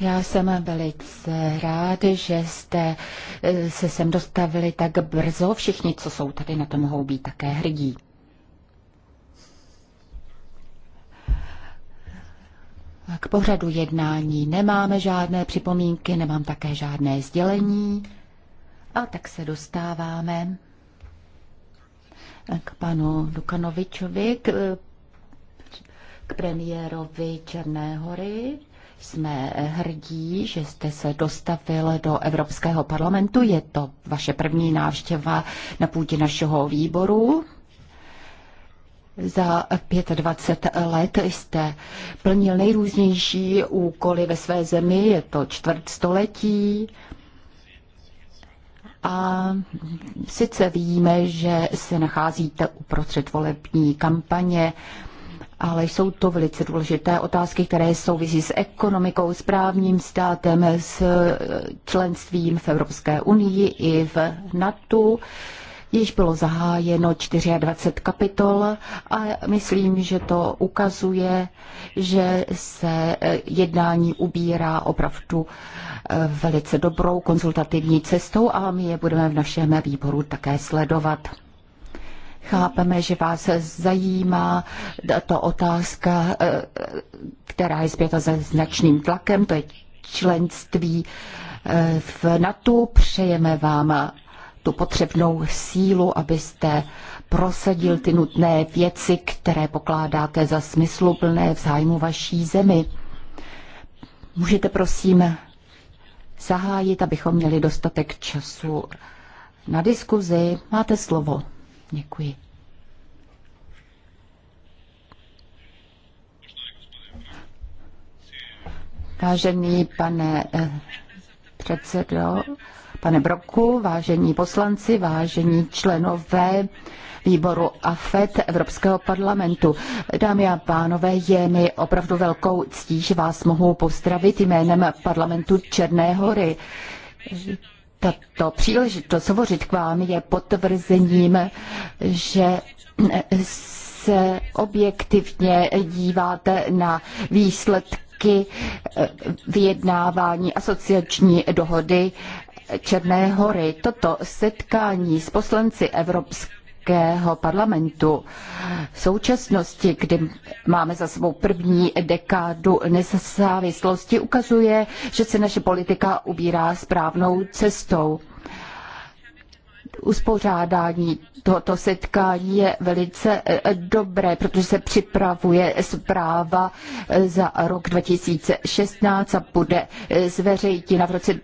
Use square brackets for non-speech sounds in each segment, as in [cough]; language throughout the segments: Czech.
Já jsem velice rád, že jste eh, se sem dostavili tak brzo. Všichni, co jsou tady, na to mohou být také hrdí. K pořadu jednání nemáme žádné připomínky, nemám také žádné sdělení. A tak se dostáváme k panu Dukanovičovi, k, k premiérovi Černé hory. Jsme hrdí, že jste se dostavil do Evropského parlamentu. Je to vaše první návštěva na půdě našeho výboru. Za 25 let jste plnil nejrůznější úkoly ve své zemi, je to čtvrt století. A sice víme, že se nacházíte uprostřed volební kampaně, ale jsou to velice důležité otázky, které souvisí s ekonomikou, s právním státem, s členstvím v Evropské unii i v NATO. Již bylo zahájeno 24 kapitol a myslím, že to ukazuje, že se eh, jednání ubírá opravdu eh, velice dobrou konzultativní cestou a my je budeme v našem výboru také sledovat. Chápeme, že vás zajímá tato otázka, eh, která je zpěta se značným tlakem, to je členství v NATO. Přejeme vám tu potřebnou sílu, abyste prosadil ty nutné věci, které pokládáte za smysluplné v zájmu vaší zemi. Můžete prosím zahájit, abychom měli dostatek času na diskuzi. Máte slovo. Děkuji. Vážený pane eh, předsedo, Pane Broku, vážení poslanci, vážení členové výboru AFET Evropského parlamentu. Dámy a pánové, je mi opravdu velkou ctí, že vás mohu pozdravit jménem parlamentu Černé hory. Tato příležitost hovořit k vám je potvrzením, že se objektivně díváte na výsledky výsledky eh, vyjednávání asociační dohody Černé hory. Toto setkání s poslanci Evropské Evropského parlamentu. V současnosti, kdy máme za svou první dekádu nezávislosti, ukazuje, že se naše politika ubírá správnou cestou. Uspořádání tohoto setkání je velice eh, dobré, protože se připravuje zpráva eh, za rok 2016 a bude eh, zveřejněna v roce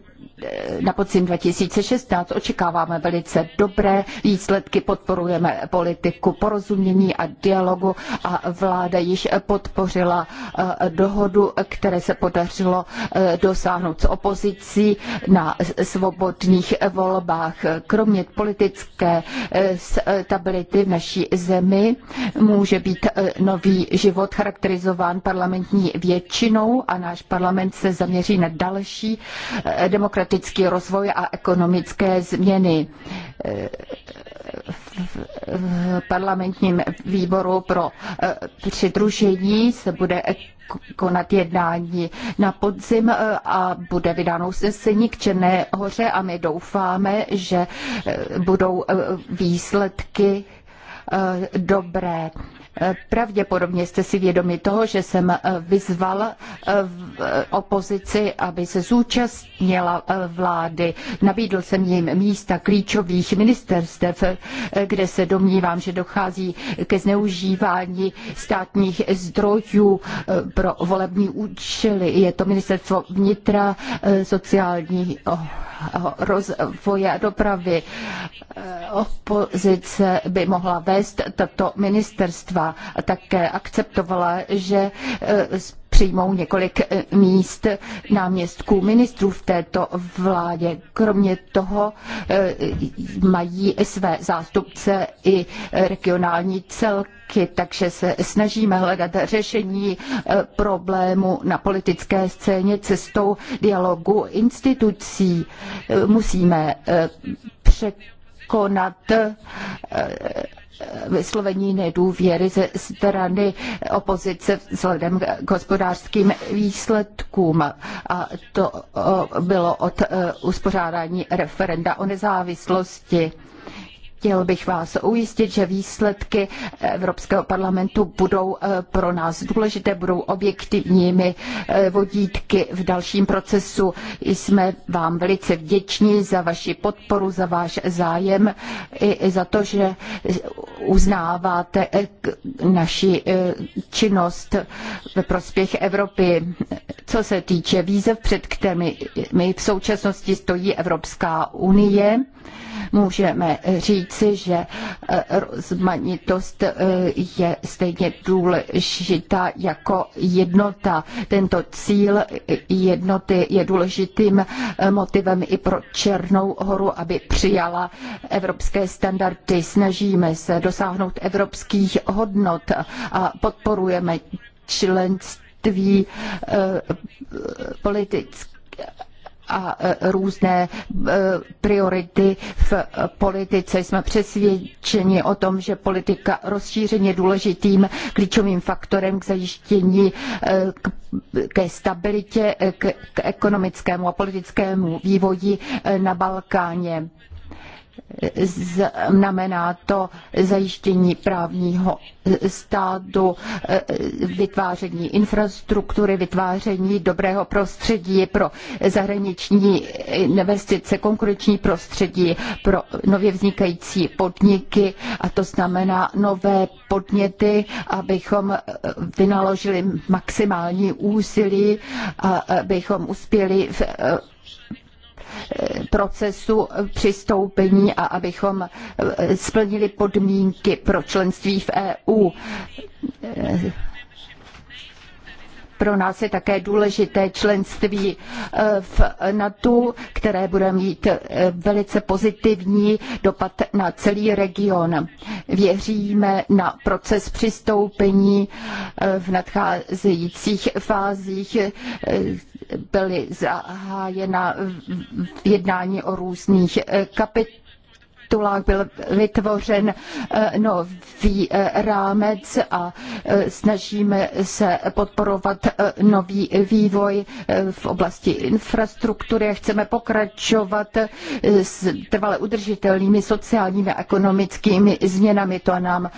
Eh, na podzim 2016. Očekáváme velice dobré výsledky, podporujeme politiku porozumění a dialogu a vláda již podpořila eh, dohodu, které se podařilo eh, dosáhnout s opozicí na svobodných volbách. Kromě politické stability v naší zemi může být nový život charakterizován parlamentní většinou a náš parlament se zaměří na další demokratické demokratický rozvoj a ekonomické změny. V parlamentním výboru pro eh, přidružení se bude konat jednání na podzim eh, a bude vydáno usnesení k Černé hoře a my doufáme, že eh, budou výsledky dobré. Eh, pravděpodobně jste si vědomi toho, že jsem eh, vyzval eh, opozici, aby se zúčastnila vlády. Nabídl jsem jim místa klíčových ministerstev, kde se domnívám, že dochází ke zneužívání státních zdrojů pro volební účely. Je to ministerstvo vnitra, sociální rozvoje a dopravy. Opozice by mohla vést tato ministerstva také akceptovala, že eh, přijmou několik eh, míst náměstků ministrů v této vládě. Kromě toho eh, mají své zástupce i regionální celky, takže se snažíme hledat řešení problému na politické scéně cestou dialogu institucí. Musíme překonat vyslovení nedůvěry ze strany opozice vzhledem k hospodářským výsledkům. A to bylo od e, uspořádání referenda o nezávislosti. Chtěl bych vás ujistit, že výsledky Evropského parlamentu budou eh, pro nás důležité, budou objektivními eh, vodítky v dalším procesu. Jsme vám velice vděční za vaši podporu, za váš zájem i za to, že uznáváte eh, naši činnost ve prospěch Evropy. Co se týče výzev, před kterými v současnosti stojí Evropská unie, můžeme říci, že eh, rozmanitost eh, je stejně důležitá jako jednota. Tento cíl jednoty je důležitým eh, motivem i pro Černou horu, aby přijala evropské standardy. Snažíme se dosáhnout evropských hodnot a podporujeme členství politické a e, různé e, priority v politice. Jsme přesvědčeni o tom, že politika rozšíření je důležitým klíčovým faktorem k zajištění e, k, ke stabilitě, k, k ekonomickému a politickému vývoji na Balkáně znamená to zajištění právního státu, eh, vytváření infrastruktury, vytváření dobrého prostředí pro zahraniční investice, konkurenční prostředí pro nově vznikající podniky a to znamená nové podněty, abychom eh, vynaložili maximální úsilí, eh, abychom uspěli v procesu přistoupení a abychom eh, splnili podmínky pro členství v EU pro nás je také důležité členství eh, v NATO, které bude mít eh, velice pozitivní dopad na celý region. Věříme na proces přistoupení eh, v nadcházejících fázích. Byly zahájena jednání o různých kapitolách Tulák byl vytvořen eh, nový eh, rámec a eh, snažíme se podporovat nový vývoj v oblasti infrastruktury a chceme pokračovat s trvale udržitelnými sociálními a ekonomickými změnami. To nám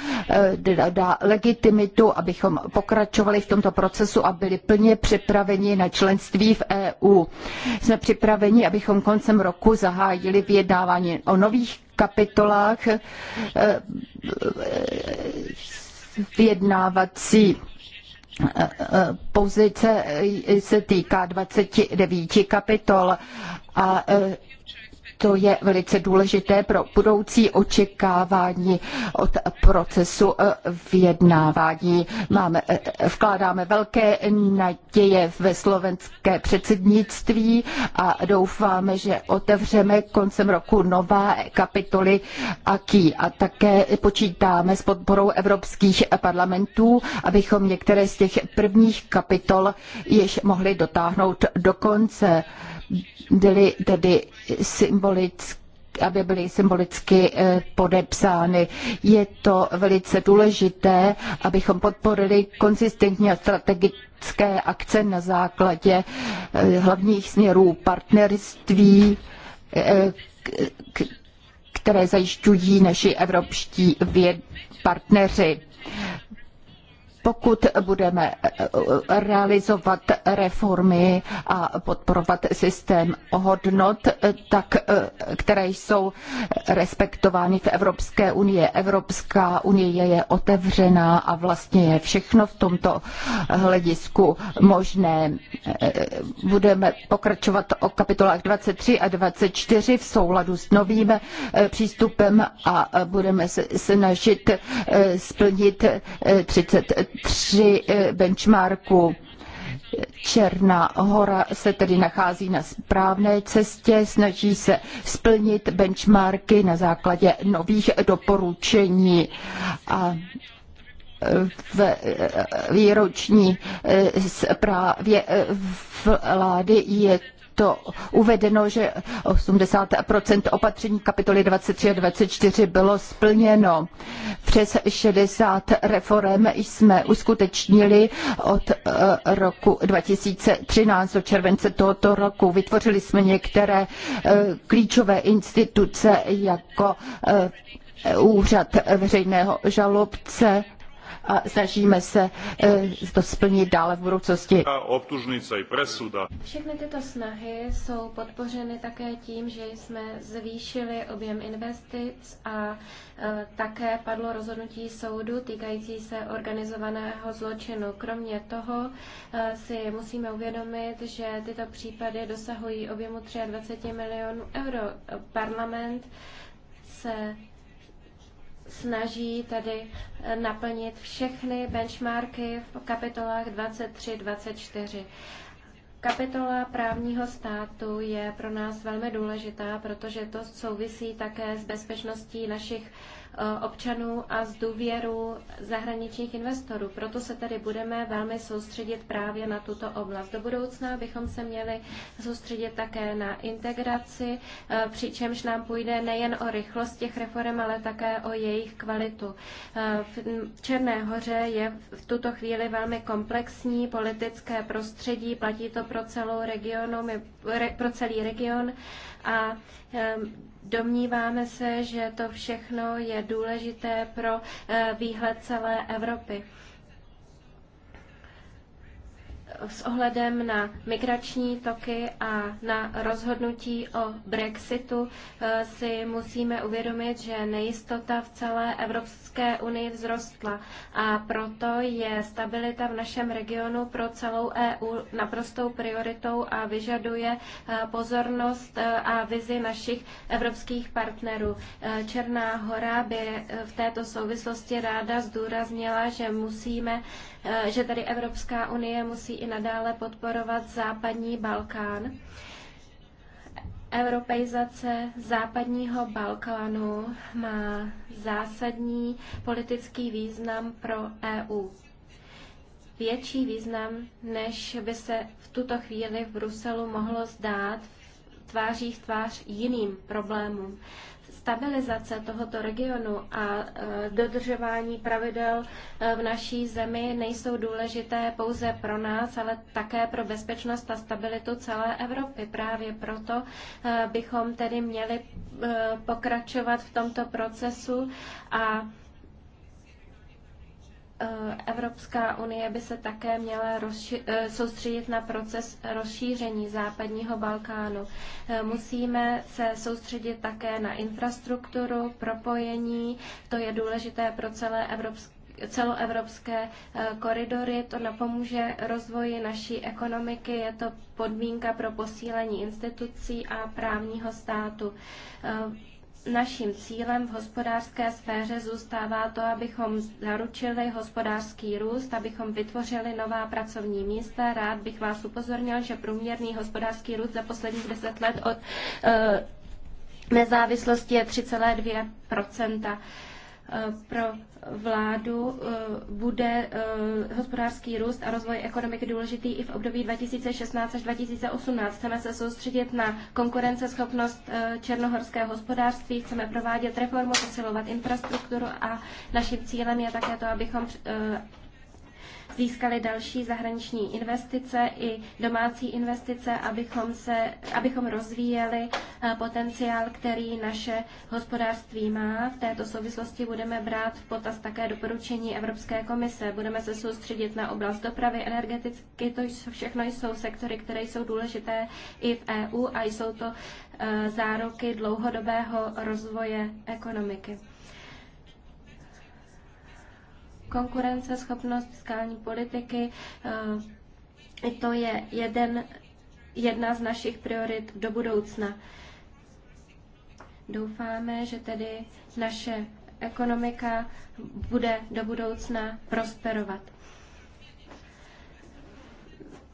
dá legitimitu, abychom pokračovali v tomto procesu a byli plně připraveni na členství v EU. Jsme připraveni, abychom koncem roku zahájili vyjednávání o nových kapitolách eh, vyjednávací eh, eh, pozice se týká 29 kapitol a to je velice důležité pro budoucí očekávání od procesu eh, vyjednávání. Máme, eh, vkládáme velké naděje ve slovenské předsednictví a doufáme, že otevřeme koncem roku nová kapitoly AKI a také počítáme s podporou evropských parlamentů, abychom některé z těch prvních kapitol již mohli dotáhnout do konce byly tedy symbolické aby byly symbolicky eh, podepsány. Je to velice důležité, abychom podporili konzistentní a strategické akce na základě eh, hlavních směrů partnerství, eh, které zajišťují naši evropští partneři pokud budeme eh, realizovat reformy a podporovat systém hodnot, eh, tak, eh, které jsou respektovány v Evropské unii. Evropská unie je otevřená a vlastně je všechno v tomto hledisku možné. Budeme pokračovat o kapitolách 23 a 24 v souladu s novým přístupem a budeme se snažit splnit 30 při eh, benchmarku. Černá hora se tedy nachází na správné cestě, snaží se splnit benchmarky na základě nových doporučení a eh, eh, v výroční zprávě vlády je to uvedeno, že 80 opatření kapitoly 23 a 24 bylo splněno. Přes 60 reform jsme uskutečnili od eh, roku 2013 do července tohoto roku. Vytvořili jsme některé eh, klíčové instituce jako eh, úřad veřejného žalobce, a snažíme se eh, to splnit dále v budoucnosti. Všechny tyto snahy jsou podpořeny také tím, že jsme zvýšili objem investic a eh, také padlo rozhodnutí soudu týkající se organizovaného zločinu. Kromě toho eh, si musíme uvědomit, že tyto případy dosahují objemu 23 milionů euro. Parlament se snaží tady eh, naplnit všechny benchmarky v kapitolách 23-24. Kapitola právního státu je pro nás velmi důležitá, protože to souvisí také s bezpečností našich Eh, občanů a z důvěru zahraničních investorů. Proto se tedy budeme velmi soustředit právě na tuto oblast. Do budoucna bychom se měli soustředit také na integraci, eh, přičemž nám půjde nejen o rychlost těch reform, ale také o jejich kvalitu. Eh, v Černé hoře je v tuto chvíli velmi komplexní politické prostředí, platí to pro celou regionu, pro celý region a Domníváme se, že to všechno je důležité pro eh, výhled celé Evropy s ohledem na migrační toky a na rozhodnutí o Brexitu eh, si musíme uvědomit, že nejistota v celé Evropské unii vzrostla a proto je stabilita v našem regionu pro celou EU naprostou prioritou a vyžaduje eh, pozornost eh, a vizi našich evropských partnerů. Černá hora by v této souvislosti ráda zdůraznila, že musíme, že tady Evropská unie musí nadále podporovat západní Balkán. Europeizace západního Balkánu má zásadní politický význam pro EU. Větší význam, než by se v tuto chvíli v Bruselu mohlo zdát tváří v tvář jiným problémům stabilizace tohoto regionu a e, dodržování pravidel e, v naší zemi nejsou důležité pouze pro nás, ale také pro bezpečnost a stabilitu celé Evropy. Právě proto e, bychom tedy měli pokračovat v tomto procesu a Eh, Evropská unie by se také měla eh, soustředit na proces rozšíření západního Balkánu. Eh, musíme se soustředit také na infrastrukturu, propojení, to je důležité pro celé evropské celoevropské koridory. To napomůže rozvoji naší ekonomiky, je to podmínka pro posílení institucí a právního státu naším cílem v hospodářské sféře zůstává to, abychom zaručili hospodářský růst, abychom vytvořili nová pracovní místa. Rád bych vás upozornil, že průměrný hospodářský růst za posledních deset let od eh, nezávislosti je 3,2 eh, pro vládu eh, bude eh, hospodářský růst a rozvoj ekonomiky důležitý i v období 2016 až 2018. Chceme se soustředit na konkurenceschopnost eh, černohorského hospodářství, chceme provádět reformu, posilovat infrastrukturu a naším cílem je také to, abychom získali další zahraniční investice i domácí investice, abychom, se, abychom rozvíjeli eh, potenciál, který naše hospodářství má. V této souvislosti budeme brát v potaz také doporučení Evropské komise. Budeme se soustředit na oblast dopravy, energetiky, to všechno jsou sektory, které jsou důležité i v EU a jsou to eh, záruky dlouhodobého rozvoje ekonomiky konkurenceschopnost fiskální politiky. Eh, to je jeden, jedna z našich priorit do budoucna. Doufáme, že tedy naše ekonomika bude do budoucna prosperovat.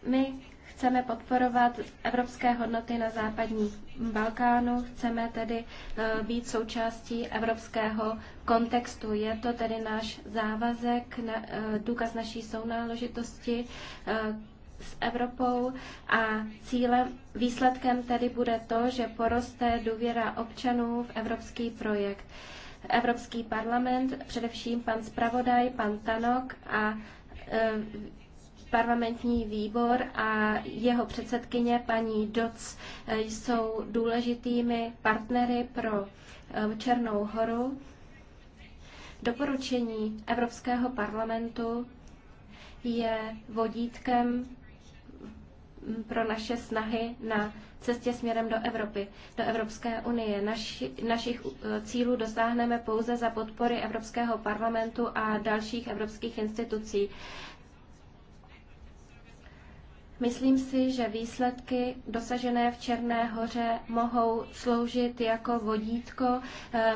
My chceme podporovat evropské hodnoty na západní Balkánu, chceme tedy eh, být součástí evropského kontextu. Je to tedy náš závazek, eh, důkaz naší sounáležitosti eh, s Evropou a cílem, výsledkem tedy bude to, že poroste důvěra občanů v evropský projekt. Evropský parlament, především pan zpravodaj, pan Tanok a parlamentní výbor a jeho předsedkyně paní Doc eh, jsou důležitými partnery pro eh, Černou horu. Doporučení Evropského parlamentu je vodítkem mm, pro naše snahy na cestě směrem do Evropy, do Evropské unie. Naši, našich eh, cílů dosáhneme pouze za podpory Evropského parlamentu a dalších evropských institucí. Myslím si, že výsledky dosažené v Černé hoře mohou sloužit jako vodítko eh,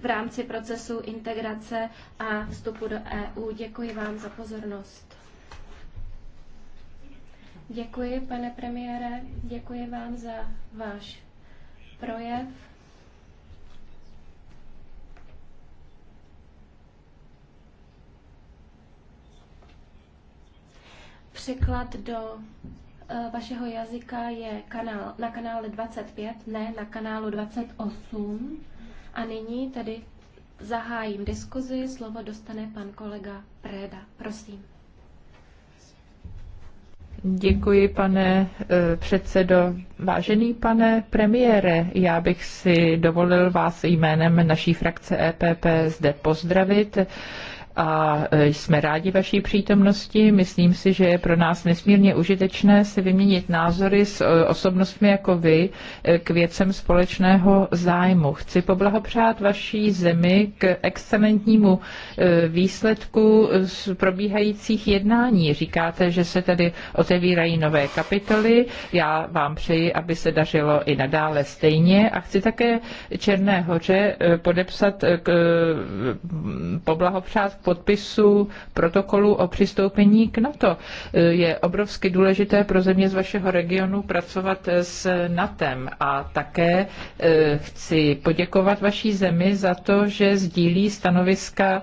v rámci procesu integrace a vstupu do EU. Děkuji vám za pozornost. Děkuji, pane premiére, děkuji vám za váš projev. překlad do eh, vašeho jazyka je kanál, na kanále 25, ne na kanálu 28. A nyní tedy zahájím diskuzi. Slovo dostane pan kolega Preda. Prosím. Děkuji, pane eh, předsedo. Vážený pane premiére, já bych si dovolil vás jménem naší frakce EPP zde pozdravit a e, jsme rádi vaší přítomnosti. Myslím si, že je pro nás nesmírně užitečné si vyměnit názory s e, osobnostmi jako vy e, k věcem společného zájmu. Chci poblahopřát vaší zemi k excelentnímu výsledku z probíhajících jednání. Říkáte, že se tady otevírají nové kapitoly. Já vám přeji, aby se dařilo i nadále stejně a chci také Černé hoře podepsat k, poblahopřát podpisu protokolu o přistoupení k NATO. Eh, je obrovsky důležité pro země z vašeho regionu pracovat eh, s NATEM a také eh, chci poděkovat vaší zemi za to, že sdílí stanoviska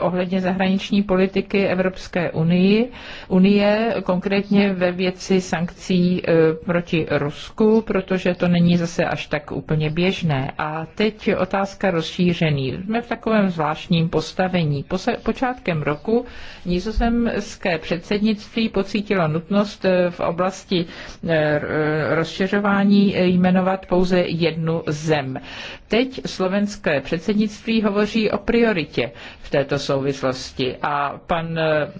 ohledně zahraniční politiky Evropské unii, unie, konkrétně ve věci sankcí proti Rusku, protože to není zase až tak úplně běžné. A teď otázka rozšíření. Jsme v takovém zvláštním postavení počátkem roku nizozemské předsednictví pocítilo nutnost eh, v oblasti eh, rozšiřování eh, jmenovat pouze jednu zem. Teď slovenské předsednictví hovoří o prioritě v této souvislosti a pan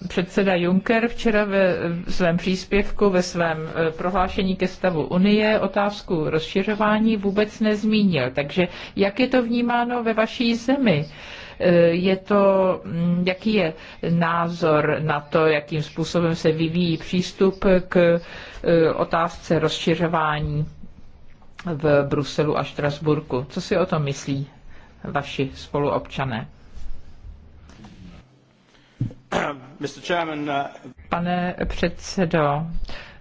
předseda Juncker včera ve svém příspěvku, ve svém prohlášení ke stavu Unie otázku rozšiřování vůbec nezmínil. Takže jak je to vnímáno ve vaší zemi? Eh, je to, mm, jaký je názor na to, jakým způsobem se vyvíjí přístup k eh, otázce rozšiřování v Bruselu a Štrasburku. Co si o tom myslí vaši spoluobčané? Eh, Pane předsedo,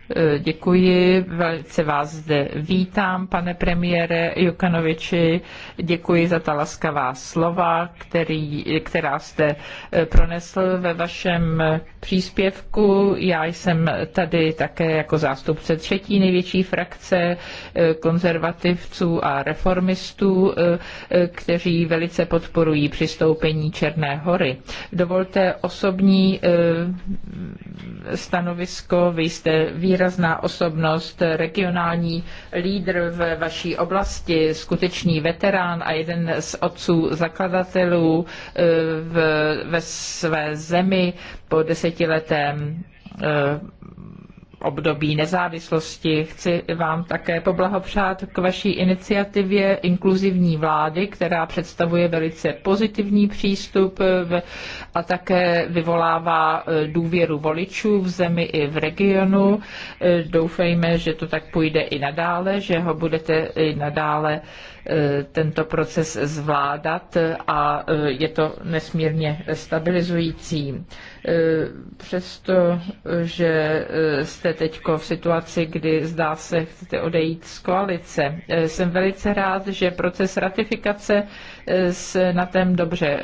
Eh, děkuji, velice vás zde vítám, pane premiére Jukanoviči. Děkuji za ta laskavá slova, který, která jste eh, pronesl ve vašem eh, příspěvku. Já jsem tady také jako zástupce třetí největší frakce konzervativců a reformistů, kteří velice podporují přistoupení Černé hory. Dovolte osobní stanovisko, vy jste výrazná osobnost, regionální lídr ve vaší oblasti, skutečný veterán a jeden z otců zakladatelů eh, v, ve své zemi po desetiletém eh, období nezávislosti. Chci vám také poblahopřát k vaší iniciativě inkluzivní vlády, která představuje velice pozitivní přístup a také vyvolává e, důvěru voličů v zemi i v regionu. E, doufejme, že to tak půjde i nadále, že ho budete i nadále e, tento proces zvládat a je to nesmírně stabilizující. E, přesto, že e, jste teď v situaci, kdy zdá se, chcete odejít z koalice. E, jsem velice rád, že proces ratifikace se na tém dobře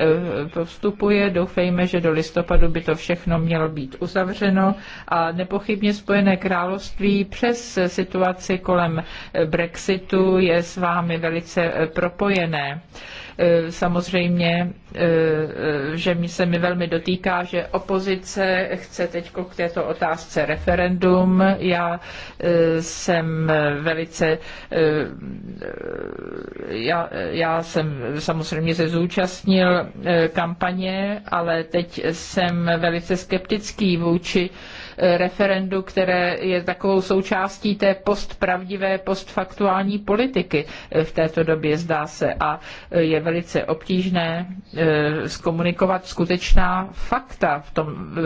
postupuje. Doufejme, že do listopadu by to všechno mělo být uzavřeno a nepochybně Spojené království přes situaci kolem Brexitu je s vámi velice propojené. Eh, samozřejmě, eh, že se mi velmi dotýká, že opozice chce teď k této otázce referendum. Já eh, jsem velice, já, já jsem samozřejmě se zúčastnil kampaně, ale teď jsem velice skeptický vůči referendu, které je takovou součástí té postpravdivé, postfaktuální politiky v této době, zdá se. A je velice obtížné eh, zkomunikovat skutečná fakta v tom eh,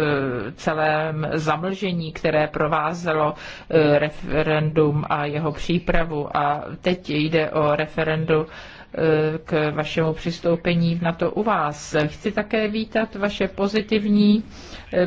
celém zamlžení, které provázelo eh, referendum a jeho přípravu. A teď jde o referendu k vašemu přistoupení na to u vás. Chci také vítat vaše pozitivní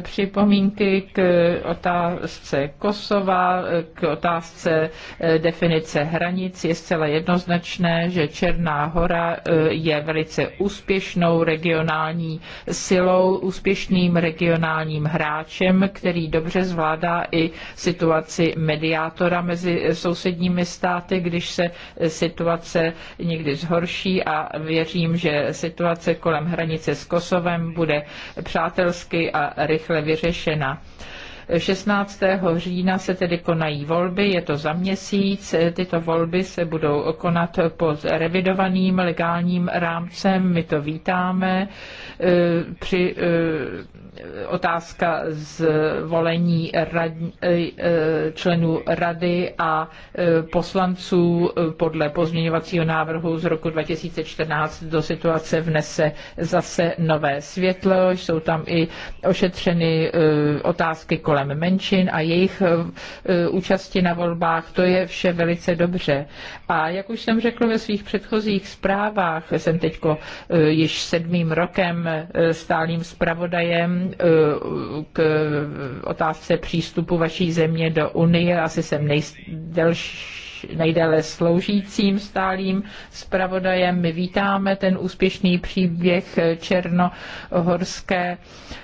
připomínky k otázce Kosova, k otázce eh, definice hranic. Je zcela jednoznačné, že Černá hora eh, je velice úspěšnou regionální silou, úspěšným regionálním hráčem, který dobře zvládá i situaci mediátora mezi sousedními státy, když se eh, situace někdy zhorší a věřím, že situace kolem hranice s Kosovem bude přátelsky a rychle vyřešena. 16. října se tedy konají volby, je to za měsíc. Tyto volby se budou konat pod revidovaným legálním rámcem, my to vítáme. E, při e, otázka zvolení rad, e, členů rady a poslanců podle pozměňovacího návrhu z roku 2014 do situace vnese zase nové světlo. Jsou tam i ošetřeny otázky kolem kolem menšin a jejich eh, eh, účasti na volbách. To je vše velice dobře. A jak už jsem řekl ve svých předchozích zprávách, jsem teď eh, již sedmým rokem stálým zpravodajem k otázce přístupu vaší země do Unie. Asi jsem nejdelší nejdéle sloužícím stálým zpravodajem. My vítáme ten úspěšný příběh černohorské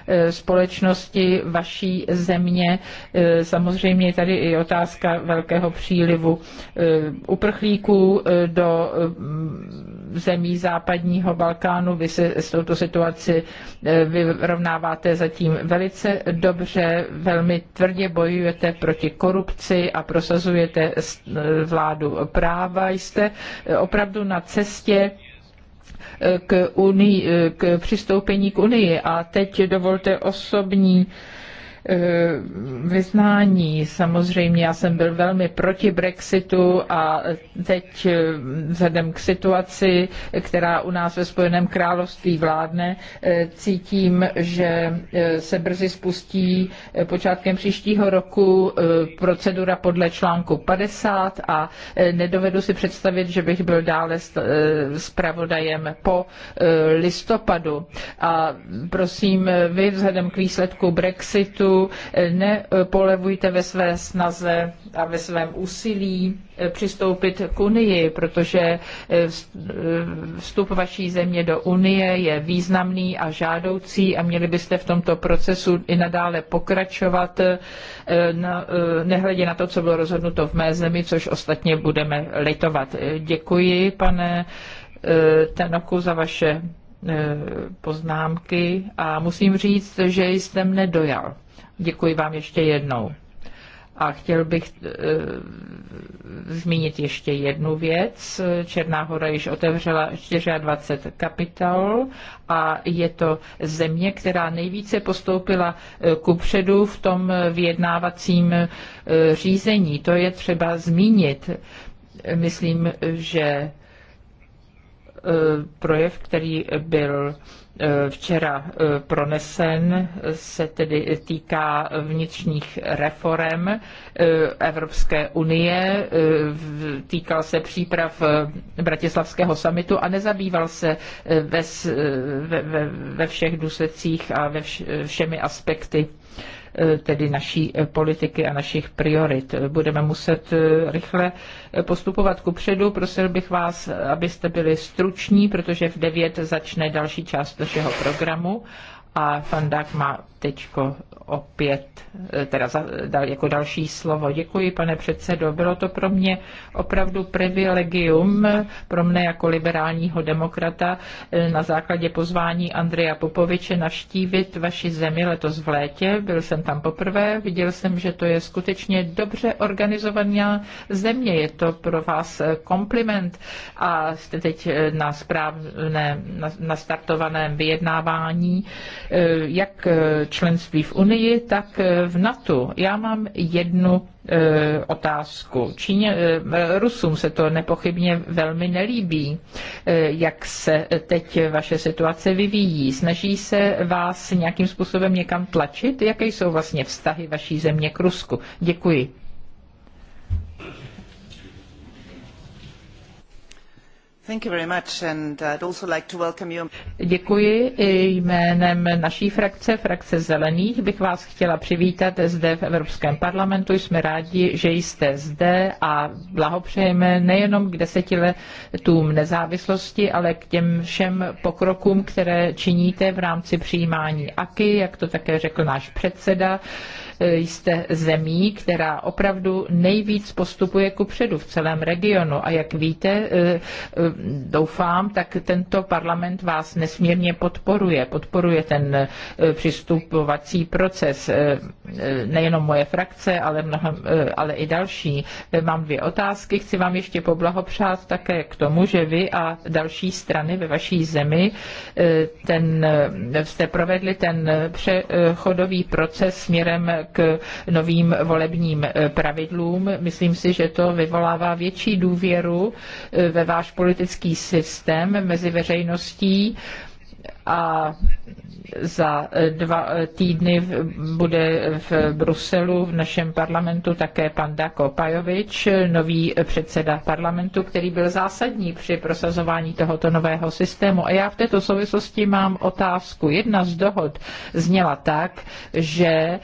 e, společnosti vaší země. E, samozřejmě je tady i otázka velkého přílivu e, uprchlíků do zemí západního Balkánu. Vy se s touto situaci vyrovnáváte zatím velice dobře, velmi tvrdě bojujete proti korupci a prosazujete vládu práva. Jste eh, opravdu na cestě eh, k, unii, eh, k přistoupení k Unii. A teď dovolte osobní Eh, vyznání. Samozřejmě já jsem byl velmi proti Brexitu a teď eh, vzhledem k situaci, která u nás ve Spojeném království vládne, eh, cítím, že se brzy spustí počátkem příštího roku procedura podle článku 50 a nedovedu si představit, že bych byl dále zpravodajem po listopadu. A prosím, vy vzhledem k výsledku Brexitu konfliktu, eh, nepolevujte ve své snaze a ve svém úsilí eh, přistoupit k Unii, protože eh, vstup vaší země do Unie je významný a žádoucí a měli byste v tomto procesu i nadále pokračovat, nehledě na to, co bylo rozhodnuto v mé zemi, což ostatně budeme litovat. Děkuji, pane Tenoku, za vaše poznámky a musím říct, že jste mne dojal. Děkuji vám ještě jednou. A chtěl bych e, zmínit ještě jednu věc. Černá hora již otevřela 24 kapitol a je to země, která nejvíce postoupila eh, kupředu v tom vyjednávacím eh, řízení. To je třeba zmínit. Myslím, že Eh, projev, který byl eh, včera eh, pronesen, se tedy týká vnitřních reform Evropské unie, týkal se příprav Bratislavského samitu a nezabýval se ve, ve, ve všech důsledcích a ve všemi aspekty E, tedy naší e, politiky a našich priorit. Budeme muset e, rychle postupovat ku předu. Prosil bych vás, abyste byli struční, protože v 9 začne další část našeho programu a Dák má teď opět, eh, teda za, dal, jako další slovo. Děkuji, pane předsedo. Bylo to pro mě opravdu privilegium, pro mne jako liberálního demokrata, eh, na základě pozvání Andreja Popoviče navštívit vaši zemi letos v létě. Byl jsem tam poprvé, viděl jsem, že to je skutečně dobře organizovaná země. Je to pro vás eh, kompliment a jste teď na správné, na, na startovaném vyjednávání Eh, jak eh, členství v Unii, tak eh, v NATO. Já mám jednu otázku. Číně, Rusům se to nepochybně velmi nelíbí, jak se teď vaše situace vyvíjí. Snaží se vás nějakým způsobem někam tlačit? Jaké jsou vlastně vztahy vaší země k Rusku? Děkuji. Děkuji jménem naší frakce, frakce Zelených. Bych vás chtěla přivítat zde v Evropském parlamentu. Jsme rádi, že jste zde a blahopřejeme nejenom k desetiletům nezávislosti, ale k těm všem pokrokům, které činíte v rámci přijímání AKY, jak to také řekl náš předseda jste zemí, která opravdu nejvíc postupuje ku předu v celém regionu. A jak víte, eh, eh, doufám, tak tento parlament vás nesmírně podporuje. Podporuje ten eh, přistupovací proces nejenom moje frakce, ale, mnohem, ale i další. Mám dvě otázky. Chci vám ještě poblahopřát také k tomu, že vy a další strany ve vaší zemi ten, jste provedli ten přechodový proces směrem k novým volebním eh, pravidlům. Myslím si, že to vyvolává větší důvěru eh, ve váš politický systém mezi veřejností a za eh, dva týdny bude v Bruselu v našem parlamentu také pan Dako Pajovič, nový předseda parlamentu, který byl zásadní při prosazování tohoto nového systému. A já v této souvislosti mám otázku. Jedna z dohod zněla tak, že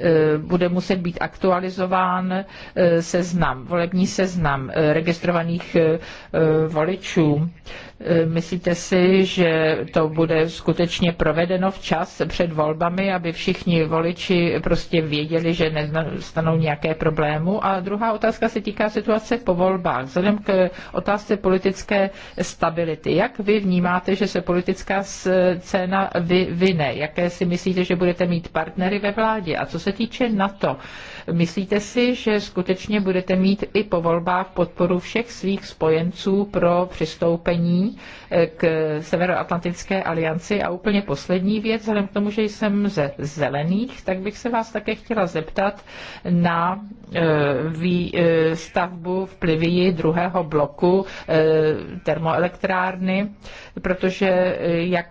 E, bude muset být aktualizován e, seznam, volební seznam e, registrovaných voličů. E, myslíte si, že to bude skutečně provedeno včas před volbami, aby všichni voliči prostě věděli, že nestanou nějaké problému? A druhá otázka se týká situace po volbách. Vzhledem k otázce politické stability. Jak vy vnímáte, že se politická scéna vyvine? Jaké si myslíte, že budete mít partnery ve vládě? A co se týče NATO, Myslíte si, že skutečně budete mít i po volbách podporu všech svých spojenců pro přistoupení eh, k Severoatlantické alianci? A úplně poslední věc, vzhledem k tomu, že jsem ze zelených, tak bych se vás také chtěla zeptat na eh, eh, stavbu v Plivii druhého bloku termoelektrárny, protože, jak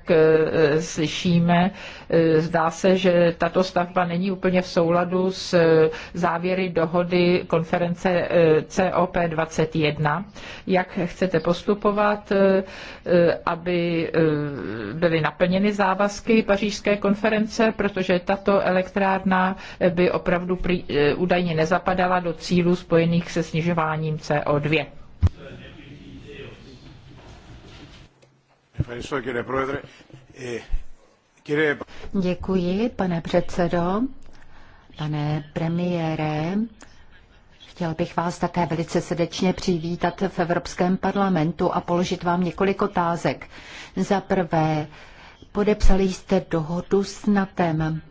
slyšíme, Eh, zdá se, že tato stavba není úplně v souladu s eh, závěry dohody konference eh, COP21. Jak chcete postupovat, aby byly naplněny závazky pařížské konference, protože tato elektrárna by opravdu prý, údajně nezapadala do cílů spojených se snižováním CO2. Ευχαριστώ κύριε Děkuji, pane předsedo. Pane premiére, chtěl bych vás také velice srdečně přivítat v Evropském parlamentu a položit vám několik otázek. Za prvé, podepsali jste dohodu s NATEM.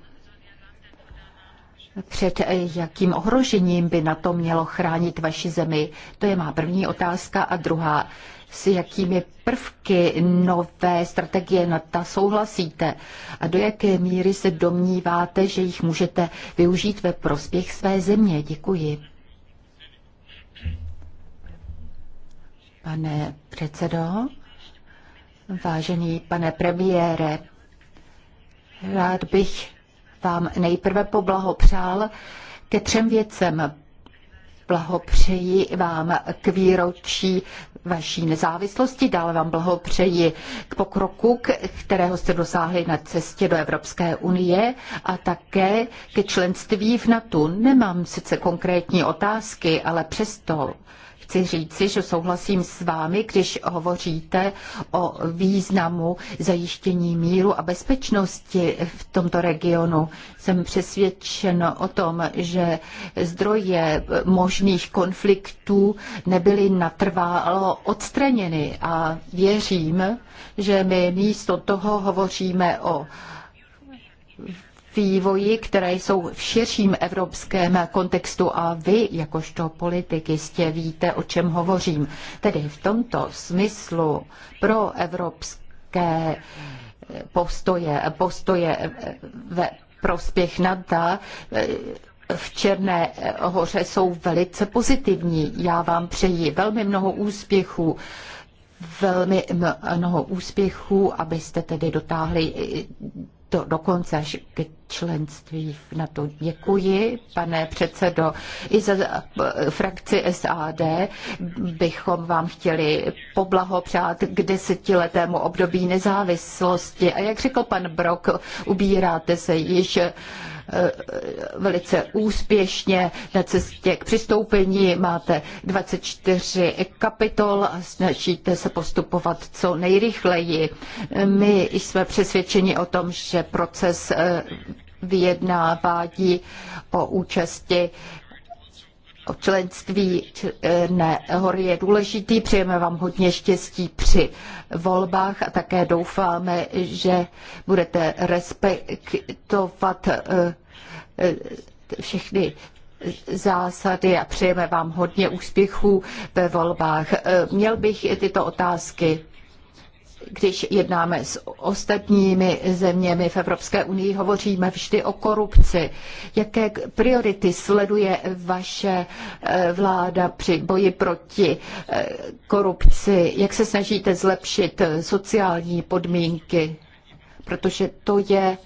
Před jakým ohrožením by na to mělo chránit vaši zemi? To je má první otázka. A druhá, s jakými prvky nové strategie NATO souhlasíte a do jaké míry se domníváte, že jich můžete využít ve prospěch své země. Děkuji. Pane předsedo, vážený pane premiére, rád bych vám nejprve poblahopřál ke třem věcem blahopřeji vám k výročí vaší nezávislosti. Dále vám blahopřeji k pokroku, kterého jste dosáhli na cestě do Evropské unie a také ke členství v NATO. Nemám sice konkrétní otázky, ale přesto chci říci, že souhlasím s vámi, když hovoříte o významu zajištění míru a bezpečnosti v tomto regionu. Jsem přesvědčen o tom, že zdroje možných konfliktů nebyly natrválo odstraněny a věřím, že my místo toho hovoříme o vývoji, které jsou v širším evropském kontextu a vy, jakožto politik, jistě víte, o čem hovořím. Tedy v tomto smyslu pro evropské postoje, postoje ve prospěch NATO v Černé hoře jsou velice pozitivní. Já vám přeji velmi mnoho úspěchů, velmi mnoho úspěchů, abyste tedy dotáhli to dokonce až ke členství v to Děkuji, pane předsedo. I za eh, frakci SAD bychom vám chtěli poblahopřát k desetiletému období nezávislosti. A jak řekl pan Brok, ubíráte se již Eh, velice úspěšně na cestě k přistoupení. Máte 24 kapitol a snažíte se postupovat co nejrychleji. My jsme přesvědčeni o tom, že proces eh, vyjednávání o účasti členství eh, hory je důležitý. Přejeme vám hodně štěstí při volbách a také doufáme, že budete respektovat eh, eh, všechny zásady a přejeme vám hodně úspěchů ve volbách. Měl bych tyto otázky když jednáme s ostatními zeměmi v Evropské unii, hovoříme vždy o korupci. Jaké priority sleduje vaše eh, vláda při boji proti eh, korupci? Jak se snažíte zlepšit eh, sociální podmínky? Protože to je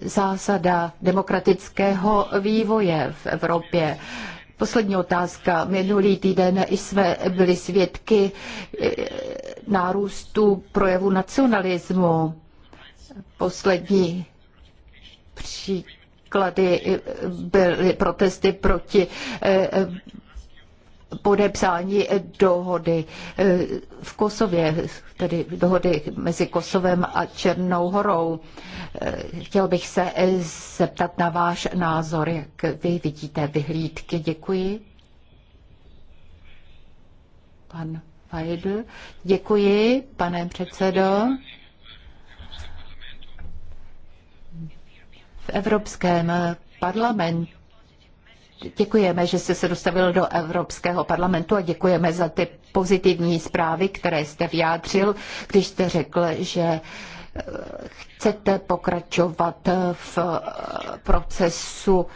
zásada demokratického vývoje v Evropě. Poslední otázka. Minulý týden jsme byli svědky eh, nárůstu projevu nacionalismu. Poslední příklady eh, byly protesty proti eh, podepsání dohody eh, v Kosově, tedy dohody mezi Kosovem a Černou horou. Eh, chtěl bych se eh, zeptat na váš názor, jak vy vidíte vyhlídky. Děkuji. Pan Fajdl. Děkuji, pane předsedo. V Evropském parlamentu Děkujeme, že jste se dostavil do Evropského parlamentu a děkujeme za ty pozitivní zprávy, které jste vyjádřil, když jste řekl, že eh, chcete pokračovat v eh, procesu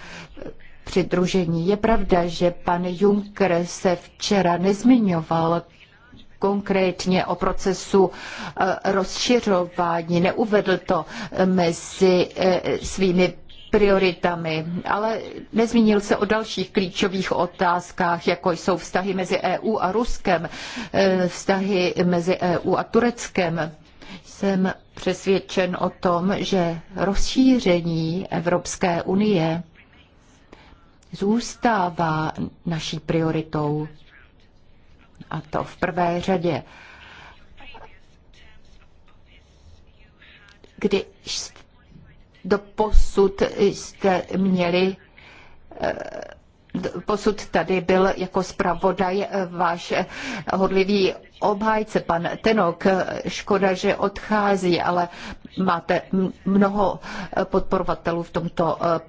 přidružení. Je pravda, že pan Juncker se včera nezmiňoval konkrétně o procesu eh, rozšiřování, neuvedl to mezi svými prioritami, ale nezmínil se o dalších klíčových otázkách, jako jsou vztahy mezi EU a Ruskem, eh, vztahy mezi EU a Tureckem. Jsem přesvědčen o tom, že rozšíření Evropské unie zůstává naší prioritou. A to v prvé řadě. Když doposud jste měli eh, Posud tady byl jako zpravodaj váš hodlivý obhájce, pan Tenok. Škoda, že odchází, ale máte mnoho podporovatelů v tomto eh,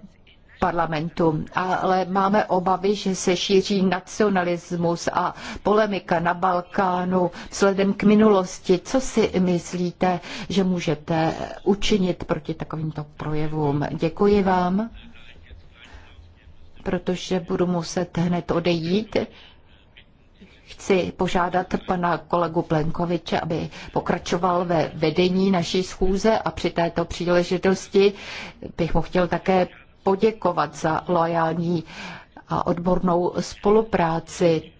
parlamentu, ale máme obavy, že se šíří nacionalismus a polemika na Balkánu vzhledem k minulosti. Co si myslíte, že můžete učinit proti takovýmto projevům? Děkuji vám, protože budu muset hned odejít chci požádat pana kolegu Plenkoviče, aby pokračoval ve vedení naší schůze a při této příležitosti bych mu chtěl také poděkovat za loajální a odbornou spolupráci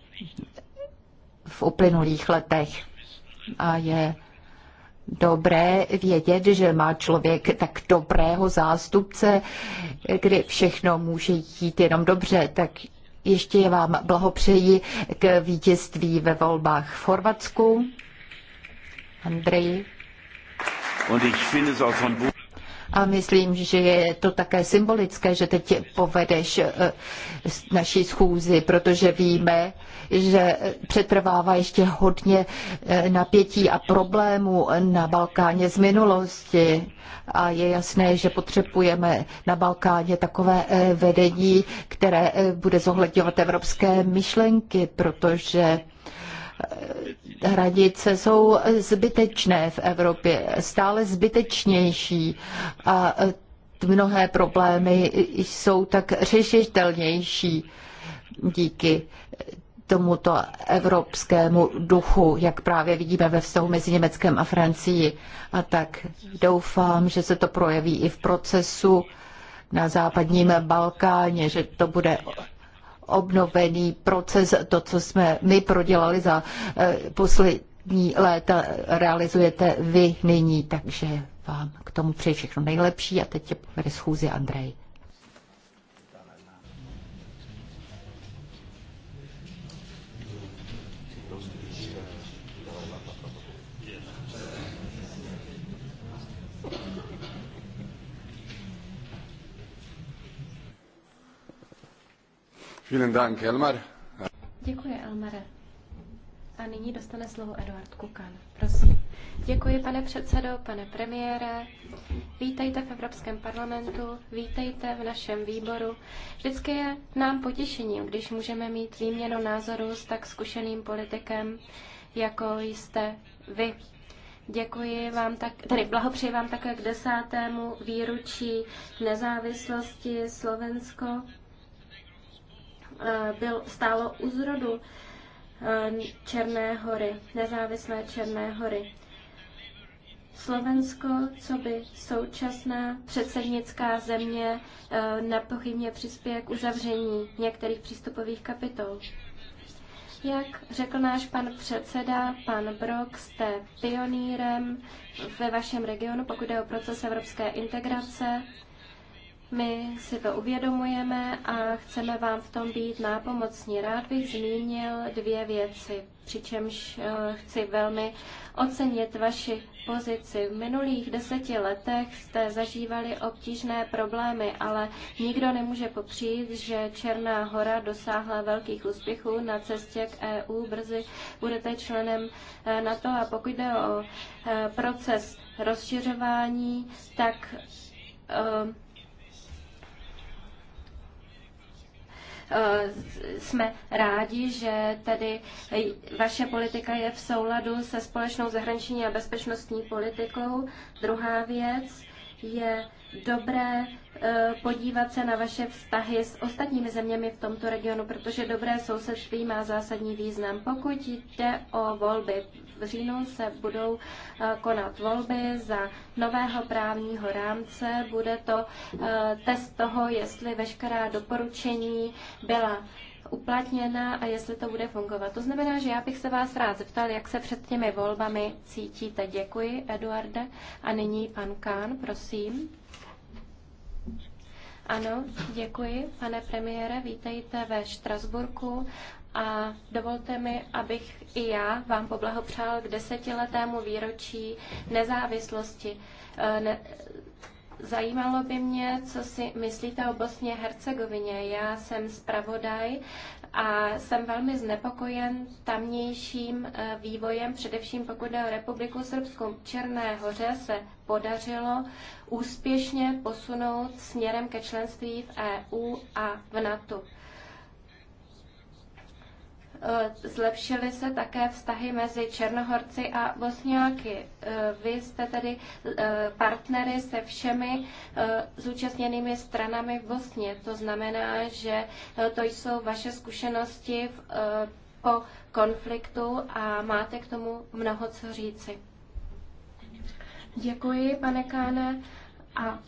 v uplynulých letech. A je dobré vědět, že má člověk tak dobrého zástupce, kdy všechno může jít jenom dobře, tak ještě vám blahopřeji k vítězství ve volbách v Chorvatsku. Andrej. Und ich finde es auch von a myslím, že je to také symbolické, že teď povedeš eh, naší schůzi, protože víme, že přetrvává ještě hodně eh, napětí a problémů na Balkáně z minulosti. A je jasné, že potřebujeme na Balkáně takové eh, vedení, které bude zohledňovat evropské myšlenky, protože hranice jsou zbytečné v Evropě, stále zbytečnější a mnohé problémy jsou tak řešitelnější díky tomuto evropskému duchu, jak právě vidíme ve vztahu mezi Německem a Francií. A tak doufám, že se to projeví i v procesu na západním Balkáně, že to bude obnovený proces, to, co jsme my prodělali za eh, poslední léta, realizujete vy nyní, takže vám k tomu přeji všechno nejlepší a teď tě schůzi Andrej. Vielen Dank, Elmar. Děkuji, Elmare. A nyní dostane slovo Eduard Kukan. Prosím. Děkuji, pane předsedo, pane premiére. Vítejte v Evropském parlamentu, vítejte v našem výboru. Vždycky je nám potěšením, když můžeme mít výměnu názoru s tak zkušeným politikem, jako jste vy. Děkuji vám tak, tedy blahopřeji vám také k desátému výročí nezávislosti Slovensko Eh, byl, stálo u zrodu eh, Černé hory, nezávislé Černé hory. Slovensko, co by současná předsednická země eh, nepochybně přispěje k uzavření některých přístupových kapitol. Jak řekl náš pan předseda, pan Brok, jste pionýrem ve vašem regionu, pokud jde o proces evropské integrace. My si to uvědomujeme a chceme vám v tom být nápomocní. Rád bych zmínil dvě věci, přičemž eh, chci velmi ocenit vaši pozici. V minulých deseti letech jste zažívali obtížné problémy, ale nikdo nemůže popřít, že Černá hora dosáhla velkých úspěchů na cestě k EU. Brzy budete členem eh, NATO a pokud jde o eh, proces rozšiřování, tak jsme rádi, že tedy vaše politika je v souladu se společnou zahraniční a bezpečnostní politikou. Druhá věc je dobré eh, podívat se na vaše vztahy s ostatními zeměmi v tomto regionu, protože dobré sousedství má zásadní význam. Pokud jde o volby, v říjnu se budou eh, konat volby za nového právního rámce. Bude to eh, test toho, jestli veškerá doporučení byla uplatněna a jestli to bude fungovat. To znamená, že já bych se vás rád zeptal, jak se před těmi volbami cítíte. Děkuji, Eduarde. A nyní pan Kán, prosím. Ano, děkuji, pane premiére, vítejte ve Štrasburku a dovolte mi, abych i já vám poblahopřál k desetiletému výročí nezávislosti. E, ne Zajímalo by mě, co si myslíte o Bosně Hercegovině. Já jsem zpravodaj a jsem velmi znepokojen tamnějším eh, vývojem, především pokud jde o Republiku Srbskou. Černé hoře se podařilo úspěšně posunout směrem ke členství v EU a v NATO. Eh, zlepšily se také vztahy mezi Černohorci a Bosňáky. Eh, vy jste tedy eh, partnery se všemi zúčastněnými stranami v Bosně. To znamená, že to jsou vaše zkušenosti po konfliktu a máte k tomu mnoho co říci. Děkuji, pane Káne. A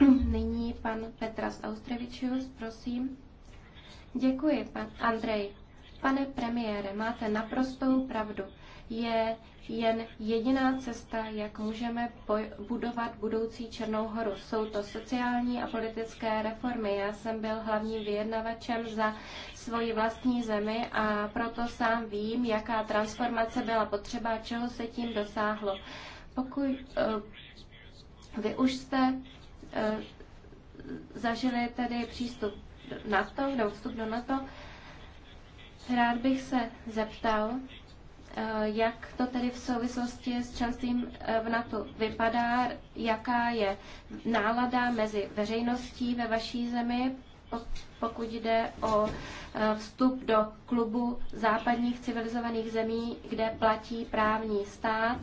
[clears throat] nyní pan Petras Austrevičius, prosím. Děkuji, pan Andrej. Pane premiére, máte naprostou pravdu. Je jen jediná cesta, jak můžeme budovat budoucí Černou horu. Jsou to sociální a politické reformy. Já jsem byl hlavním vyjednavačem za svoji vlastní zemi a proto sám vím, jaká transformace byla potřeba a čeho se tím dosáhlo. Pokud uh, vy už jste uh, zažili tedy přístup to, nebo vstup do NATO, Rád bych se zeptal, eh, jak to tedy v souvislosti s členstvím eh, v NATO vypadá, jaká je nálada mezi veřejností ve vaší zemi, pokud jde o eh, vstup do klubu západních civilizovaných zemí, kde platí právní stát,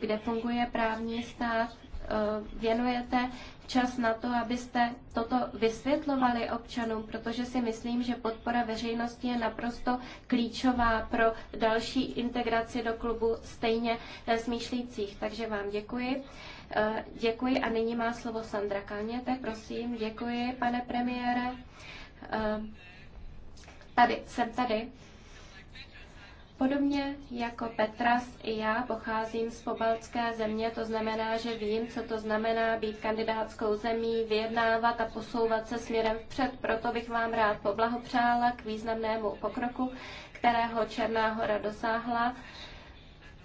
kde funguje právní stát, Eh, věnujete čas na to, abyste toto vysvětlovali občanům, protože si myslím, že podpora veřejnosti je naprosto klíčová pro další integraci do klubu stejně eh, smýšlících. Takže vám děkuji. Eh, děkuji a nyní má slovo Sandra Kalněte, prosím. Děkuji, pane premiére. Tady, jsem tady. Podobně jako Petras i já pocházím z pobaltské země, to znamená, že vím, co to znamená být kandidátskou zemí, vyjednávat a posouvat se směrem vpřed. Proto bych vám rád poblahopřála k významnému pokroku, kterého Černá hora dosáhla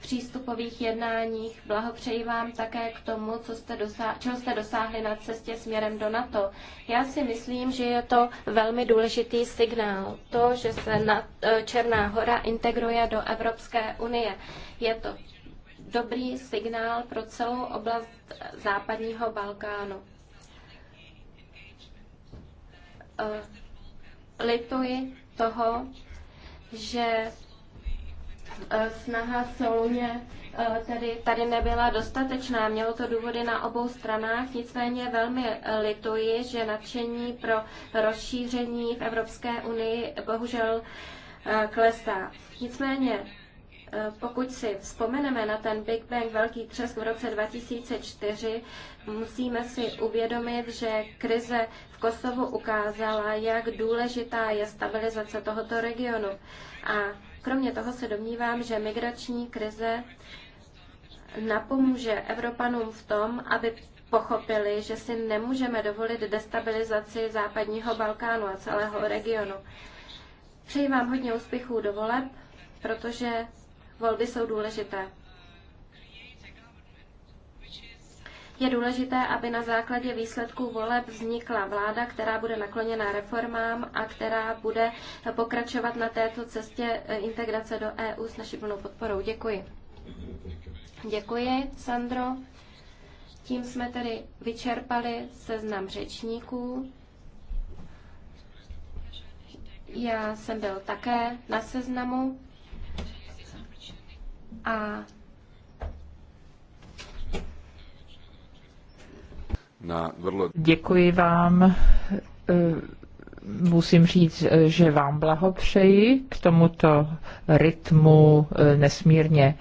přístupových jednáních. Blahopřeji vám také k tomu, co jste dosáhli, čeho jste dosáhli na cestě směrem do NATO. Já si myslím, že je to velmi důležitý signál. To, že se na e, Černá hora integruje do Evropské unie, je to dobrý signál pro celou oblast západního Balkánu. E, lituji toho, že Eh, snaha Soluně eh, tady, tady nebyla dostatečná. Mělo to důvody na obou stranách, nicméně velmi eh, lituji, že nadšení pro rozšíření v Evropské unii bohužel klesá. Nicméně pokud si vzpomeneme na ten Big Bang velký třesk v roce 2004, musíme si uvědomit, že krize v Kosovu ukázala, jak důležitá je stabilizace tohoto regionu. A Kromě toho se domnívám, že migrační krize napomůže Evropanům v tom, aby pochopili, že si nemůžeme dovolit destabilizaci západního Balkánu a celého regionu. Přeji vám hodně úspěchů do voleb, protože volby jsou důležité. Je důležité, aby na základě výsledků voleb vznikla vláda, která bude nakloněna reformám a která bude pokračovat na této cestě eh, integrace do EU s naší plnou podporou. Děkuji. Děkuji, Sandro. Tím jsme tedy vyčerpali seznam řečníků. Já jsem byl také na seznamu a na Děkuji vám. E, musím říct, e, že vám blahopřeji k tomuto rytmu e, nesmírně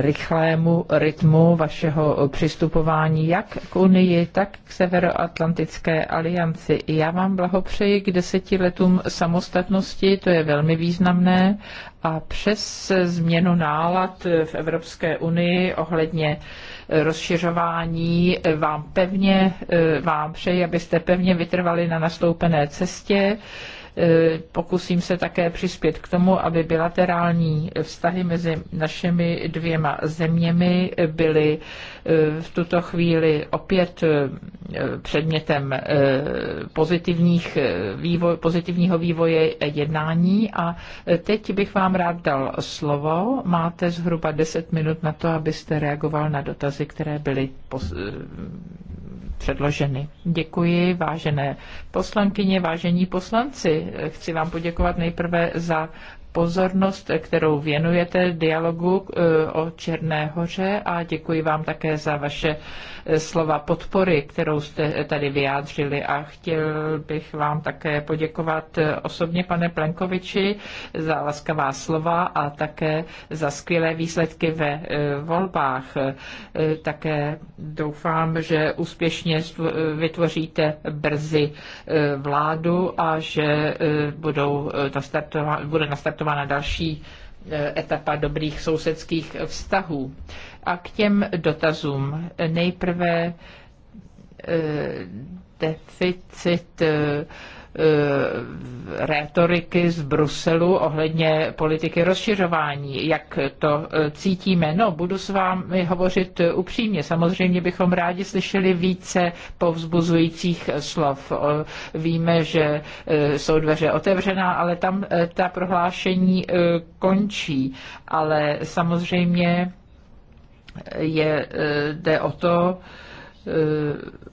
rychlému rytmu vašeho přistupování jak k Unii, tak k Severoatlantické alianci. Já vám blahopřeji k deseti letům samostatnosti, to je velmi významné a přes změnu nálad v Evropské unii ohledně rozšiřování vám pevně, eh, vám přeji, abyste pevně vytrvali na nastoupené cestě. Eh, pokusím se také přispět k tomu, aby bilaterální vztahy mezi našimi dvěma zeměmi byly v tuto chvíli opět eh, předmětem eh, pozitivních eh, vývoj, pozitivního vývoje jednání a teď bych vám rád dal slovo. Máte zhruba 10 minut na to, abyste reagoval na dotazy, které byly předloženy. Děkuji, vážené poslankyně, vážení poslanci. Chci vám poděkovat nejprve za pozornost, kterou věnujete dialogu eh, o Černé hoře a děkuji vám také za vaše slova podpory, kterou jste tady vyjádřili a chtěl bych vám také poděkovat osobně, pane Plenkoviči, za laskavá slova a také za skvělé výsledky ve eh, volbách. Eh, také doufám, že úspěšně vytvoříte brzy eh, vládu a že budou nastartová, bude nastartována další etapa dobrých sousedských vztahů. A k těm dotazům. Nejprve eh, deficit eh, eh, rétoriky z Bruselu ohledně politiky rozšiřování, jak to cítíme. No, budu s vámi hovořit upřímně. Samozřejmě bychom rádi slyšeli více povzbuzujících slov. Víme, že jsou dveře otevřená, ale tam ta prohlášení končí. Ale samozřejmě je, e, jde o to, e,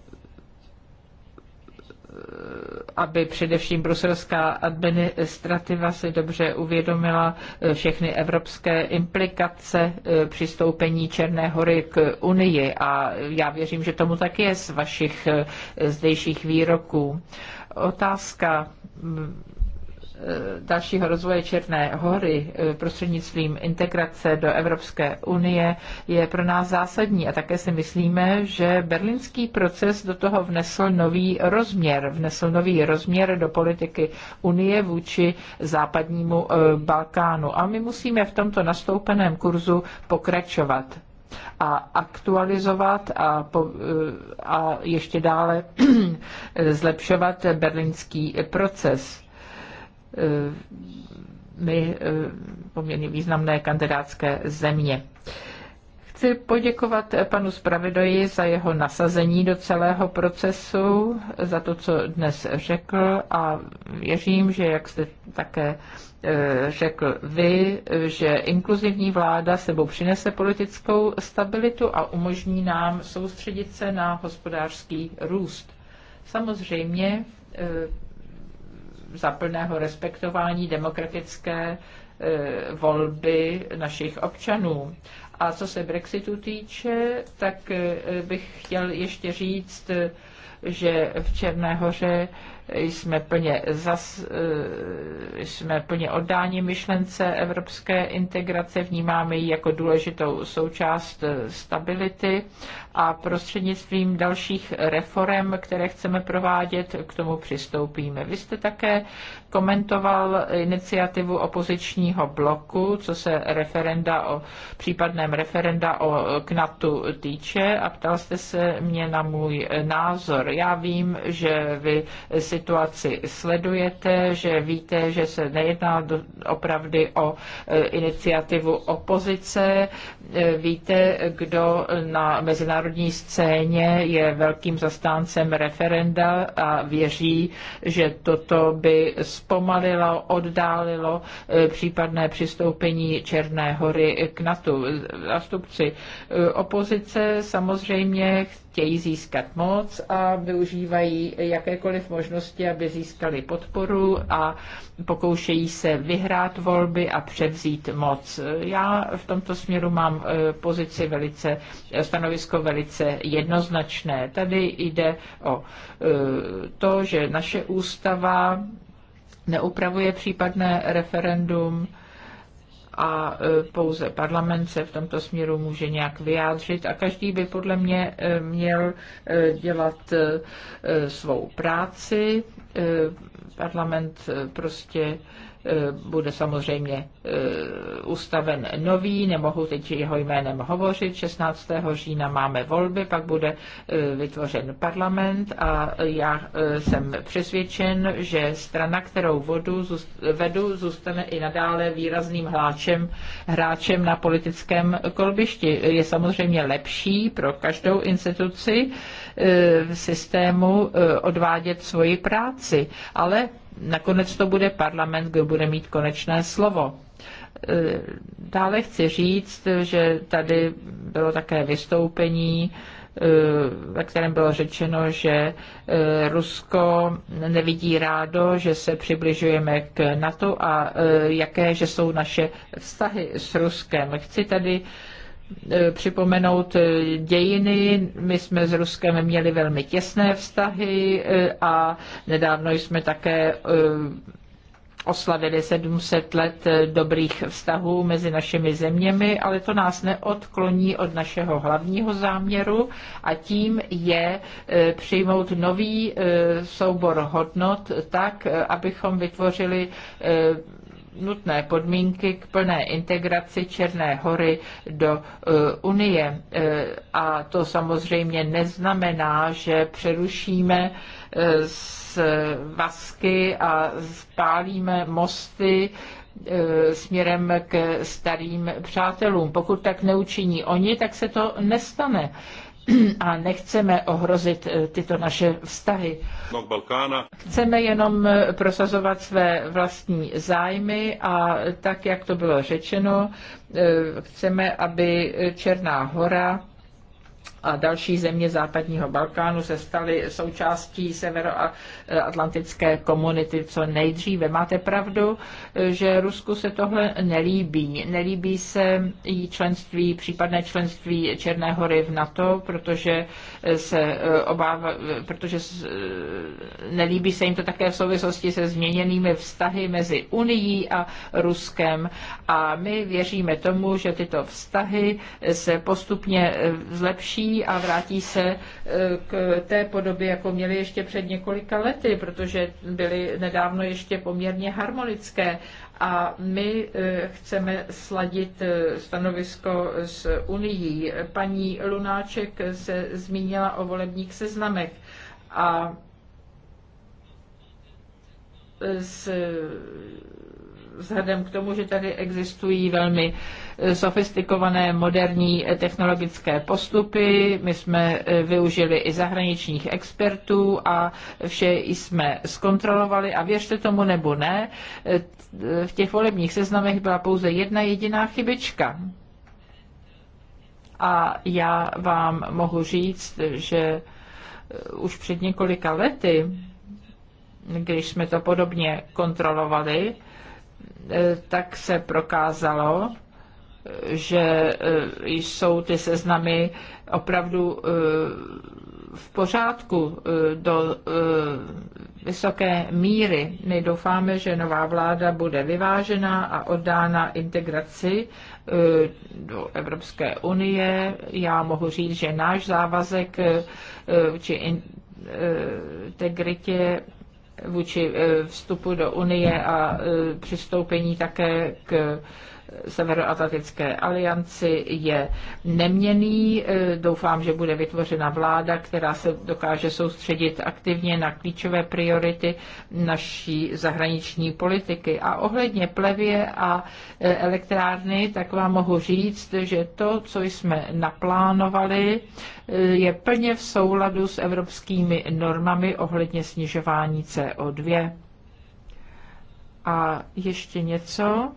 aby především bruselská administrativa si dobře uvědomila e, všechny evropské implikace přistoupení Černé hory k Unii. A já věřím, že tomu tak je z vašich zdejších výroků. Otázka Eh, dalšího rozvoje Černé hory eh, prostřednictvím integrace do Evropské unie je pro nás zásadní a také si myslíme, že berlínský proces do toho vnesl nový rozměr, vnesl nový rozměr do politiky unie vůči západnímu eh, Balkánu a my musíme v tomto nastoupeném kurzu pokračovat a aktualizovat a, po, a ještě dále [clears throat] zlepšovat berlínský proces. Eh, my eh, poměrně významné kandidátské země. Chci poděkovat panu Spravedoji za jeho nasazení do celého procesu, za to, co dnes řekl a věřím, že jak jste také eh, řekl vy, že inkluzivní vláda sebou přinese politickou stabilitu a umožní nám soustředit se na hospodářský růst. Samozřejmě za plného respektování demokratické e, volby našich občanů. A co se Brexitu týče, tak e, bych chtěl ještě říct, e, že v Černé hoře jsme plně, zas, eh, jsme plně oddáni myšlence evropské integrace, vnímáme ji jako důležitou součást eh, stability a prostřednictvím dalších reform, které chceme provádět, k tomu přistoupíme. Vy jste také komentoval iniciativu opozičního bloku, co se referenda o případném referenda o KNATu týče a ptal jste se mě na můj názor. Já vím, že vy si situaci sledujete, že víte, že se nejedná opravdy o e, iniciativu opozice. E, víte, kdo na mezinárodní scéně je velkým zastáncem referenda a věří, že toto by zpomalilo, oddálilo e, případné přistoupení Černé hory k NATO. Zastupci opozice samozřejmě chtějí získat moc a využívají jakékoliv možnosti, aby získali podporu a pokoušejí se vyhrát volby a převzít moc. Já v tomto směru mám eh, pozici velice, eh, stanovisko velice jednoznačné. Tady jde o eh, to, že naše ústava neupravuje případné referendum, a e, pouze parlament se v tomto směru může nějak vyjádřit a každý by podle mě e, měl e, dělat svou práci, parlament eh, prostě eh, bude samozřejmě eh, ustaven nový, nemohu teď jeho jménem hovořit. 16. října máme volby, pak bude vytvořen parlament a já jsem přesvědčen, že strana, kterou vodu, vedu, zůstane i nadále výrazným hláčem, hráčem na politickém kolbišti. Je samozřejmě lepší pro každou instituci, Eh, v systému eh, odvádět svoji práci, ale nakonec to bude parlament, kdo bude mít konečné slovo. Eh, dále chci říct, že tady bylo také vystoupení, ve kterém bylo řečeno, že Rusko nevidí rádo, že se přibližujeme k NATO a jaké, že jsou naše vztahy s Ruskem. Chci tady E, připomenout e, dějiny. My jsme s Ruskem měli velmi těsné vztahy e, a nedávno jsme také oslavili 700 let dobrých vztahů mezi našimi zeměmi, ale to nás neodkloní od našeho hlavního záměru a tím je přijmout nový soubor hodnot tak, abychom vytvořili nutné podmínky k plné integraci Černé hory do e, Unie. E, a to samozřejmě neznamená, že přerušíme e, s vasky a spálíme mosty směrem k starým přátelům. Pokud tak neučiní oni, tak se to nestane a nechceme ohrozit eh, tyto naše vztahy. Chceme jenom eh, prosazovat své vlastní zájmy a tak, jak to bylo řečeno, eh, chceme, aby Černá hora a další země západního Balkánu se staly součástí severoatlantické komunity co nejdříve. Máte pravdu, že Rusku se tohle nelíbí. Nelíbí se jí členství, případné členství Černé hory v NATO, protože se eh, obává, protože eh, nelíbí se jim to také v souvislosti se změněnými vztahy mezi Unií a Ruskem. A my věříme tomu, že tyto vztahy se postupně eh, zlepší a vrátí se e, k té podobě, jako měly ještě před několika lety, protože byly nedávno ještě poměrně harmonické a my e, chceme sladit e, stanovisko s Unií. Paní Lunáček se zmínila o volebních seznamech a s, vzhledem k tomu, že tady existují velmi sofistikované moderní technologické postupy. My jsme eh, využili i zahraničních expertů a vše jsme zkontrolovali a věřte tomu nebo ne, eh, v těch volebních seznamech byla pouze jedna jediná chybička. A já vám mohu říct, že eh, už před několika lety, když jsme to podobně kontrolovali, tak se prokázalo, že e, jsou ty seznamy opravdu e, v pořádku e, do vysoké míry. My doufáme, že nová vláda bude vyvážená a oddána integraci do Evropské unie. Já mohu říct, že náš závazek či integritě vůči vstupu do Unie a přistoupení také k Severoatlantické alianci je neměný. E, doufám, že bude vytvořena vláda, která se dokáže soustředit aktivně na klíčové priority naší zahraniční politiky. A ohledně plevě a e, elektrárny, tak vám mohu říct, že to, co jsme naplánovali, e, je plně v souladu s evropskými normami ohledně snižování CO2. A ještě něco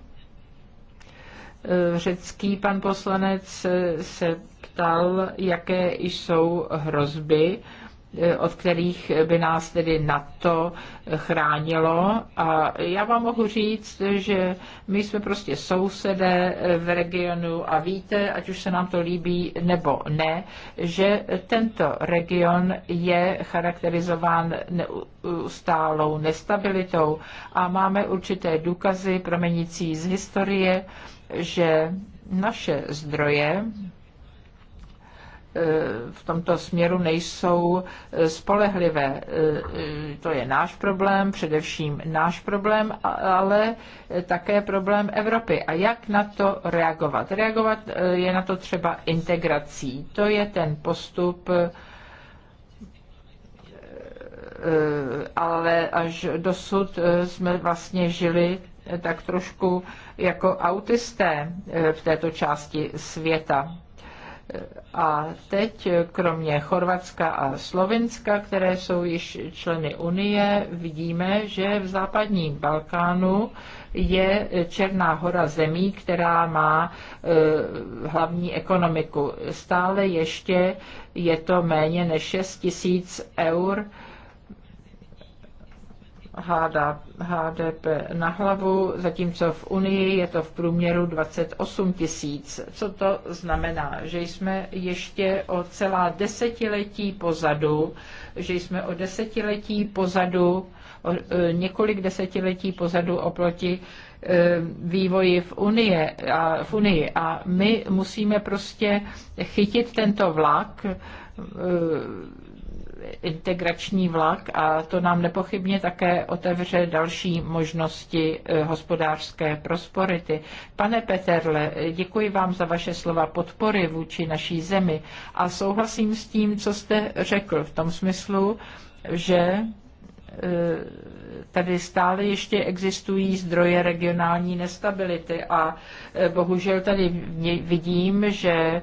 Řecký pan poslanec se ptal, jaké jsou hrozby, od kterých by nás tedy NATO chránilo. A já vám mohu říct, že my jsme prostě sousedé v regionu a víte, ať už se nám to líbí nebo ne, že tento region je charakterizován neustálou nestabilitou a máme určité důkazy promenící z historie že naše zdroje eh, v tomto směru nejsou eh, spolehlivé. Eh, to je náš problém, především náš problém, ale také problém Evropy. A jak na to reagovat? Reagovat je na to třeba integrací. To je ten postup, ale až dosud jsme vlastně žili tak trošku jako autisté eh, v této části světa. Eh, a teď eh, kromě Chorvatska a Slovinska, které jsou již členy Unie, vidíme, že v západním Balkánu je Černá hora zemí, která má hlavní ekonomiku. Stále ještě je to méně než 6 000 eur HDP na hlavu, zatímco v Unii je to v průměru 28 tisíc. Co to znamená? Že jsme ještě o celá desetiletí pozadu, že jsme o desetiletí pozadu, o e, několik desetiletí pozadu oproti e, vývoji v, Unie a v Unii. A my musíme prostě chytit tento vlak, e, integrační vlak a to nám nepochybně také otevře další možnosti eh, hospodářské prosperity. Pane Peterle, děkuji vám za vaše slova podpory vůči naší zemi a souhlasím s tím, co jste řekl v tom smyslu, že eh, tady stále ještě existují zdroje regionální nestability a eh, bohužel tady vidím, že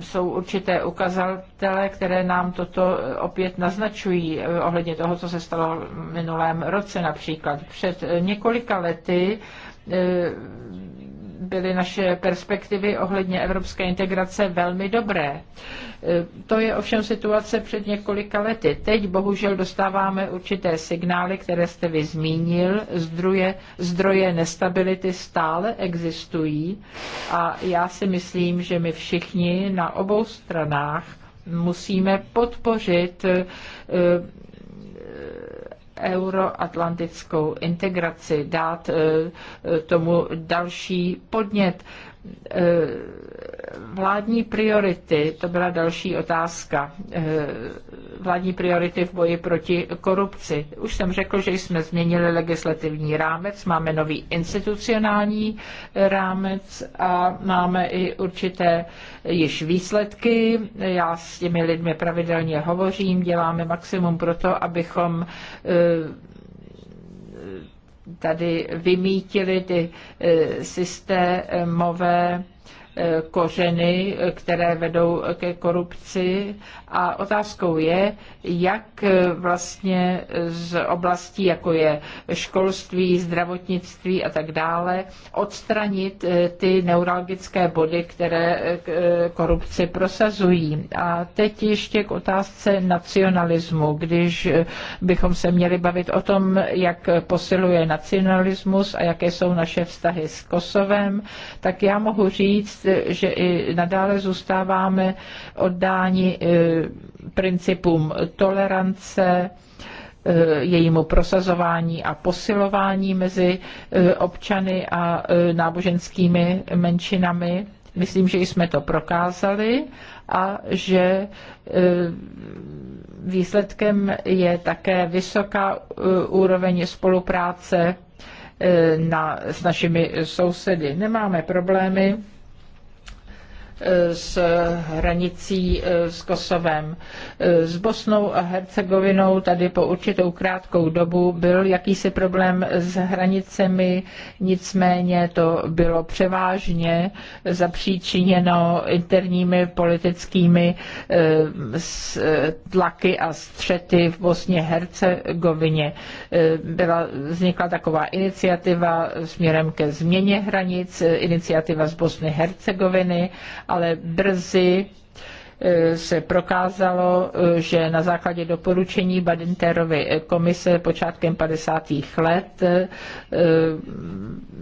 jsou určité ukazatele, které nám toto opět naznačují eh, ohledně toho, co se stalo v minulém roce například. Před několika lety eh, byly naše perspektivy ohledně evropské integrace velmi dobré. E, to je ovšem situace před několika lety. Teď bohužel dostáváme určité signály, které jste vy zmínil. Zdroje, zdroje nestability stále existují a já si myslím, že my všichni na obou stranách musíme podpořit e, euroatlantickou integraci, dát eh, eh, tomu další podnět eh, Vládní priority, to byla další otázka. Eh, vládní priority v boji proti korupci. Už jsem řekl, že jsme změnili legislativní rámec, máme nový institucionální rámec a máme i určité již výsledky. Já s těmi lidmi pravidelně hovořím, děláme maximum pro to, abychom eh, tady vymítili ty eh, systémové Eh, kořeny, které vedou ke korupci. A otázkou je, jak eh, vlastně z oblastí, jako je školství, zdravotnictví a tak dále, odstranit eh, ty neuralgické body, které korupci prosazují. A teď ještě k otázce nacionalismu. Když bychom se měli bavit o tom, jak posiluje nacionalismus a jaké jsou naše vztahy s Kosovem, tak já mohu říct, že i nadále zůstáváme oddáni e, principům tolerance, e, jejímu prosazování a posilování mezi e, občany a náboženskými menšinami. Myslím, že jsme to prokázali a že výsledkem je také vysoká úroveň spolupráce na, s našimi sousedy. Nemáme problémy s hranicí e, s Kosovem. E, s Bosnou a Hercegovinou tady po určitou krátkou dobu byl jakýsi problém s hranicemi, nicméně to bylo převážně zapříčiněno interními politickými e, tlaky a střety v Bosně Hercegovině. Byla, vznikla taková iniciativa směrem ke změně hranic, iniciativa z Bosny Hercegoviny ale brzy e, se prokázalo, e, že na základě doporučení Badinterovy komise počátkem 50. let e,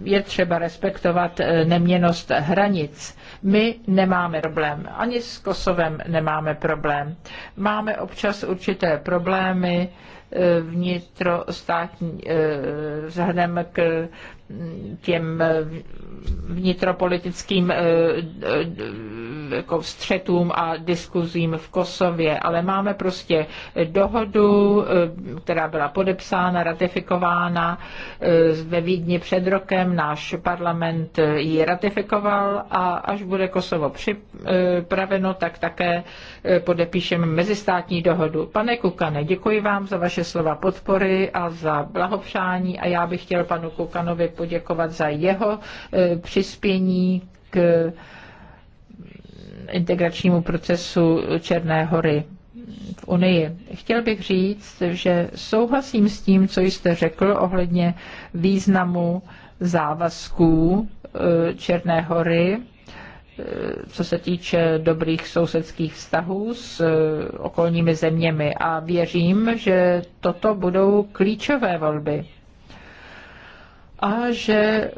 je třeba respektovat neměnost hranic. My nemáme problém, ani s Kosovem nemáme problém. Máme občas určité problémy vnitrostátní vzhledem k těm eh, vnitropolitickým eh, jako střetům a diskuzím v Kosově, ale máme prostě dohodu, eh, která byla podepsána, ratifikována ve Vídni před rokem, náš parlament ji ratifikoval a až bude Kosovo připraveno, tak také Eh, podepíšeme mezistátní dohodu. Pane Kukane, děkuji vám za vaše slova podpory a za blahopřání a já bych chtěl panu Kukanovi poděkovat za jeho eh, přispění k integračnímu procesu Černé hory v Unii. Chtěl bych říct, že souhlasím s tím, co jste řekl ohledně významu závazků eh, Černé hory Eh, co se týče dobrých sousedských vztahů s eh, okolními zeměmi a věřím, že toto budou klíčové volby a že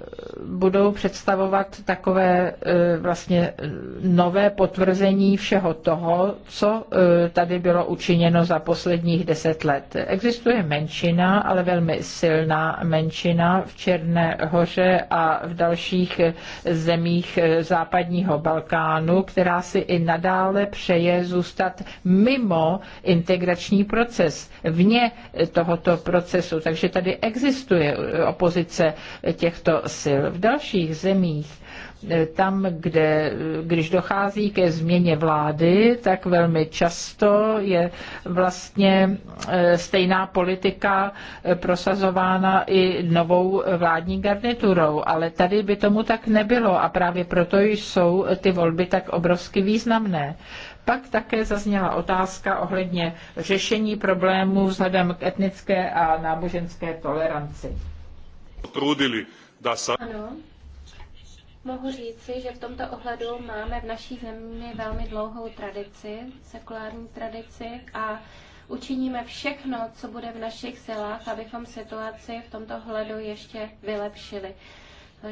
budou představovat takové e, vlastně e, nové potvrzení všeho toho, co e, tady bylo učiněno za posledních deset let. Existuje menšina, ale velmi silná menšina v Černé hoře a v dalších zemích západního Balkánu, která si i nadále přeje zůstat mimo integrační proces, vně tohoto procesu. Takže tady existuje opozice těchto sil. V dalších zemích eh, tam, kde, eh, když dochází ke změně vlády, tak velmi často je vlastně eh, stejná politika prosazována i novou vládní garniturou, ale tady by tomu tak nebylo a právě proto jsou ty volby tak obrovsky významné. Pak také zazněla otázka ohledně řešení problémů vzhledem k etnické a náboženské toleranci potrudili, da se... Ano. Mohu říci, že v tomto ohledu máme v naší zemi velmi dlouhou tradici, sekulární tradici a učiníme všechno, co bude v našich silách, abychom situaci v tomto ohledu ještě vylepšili.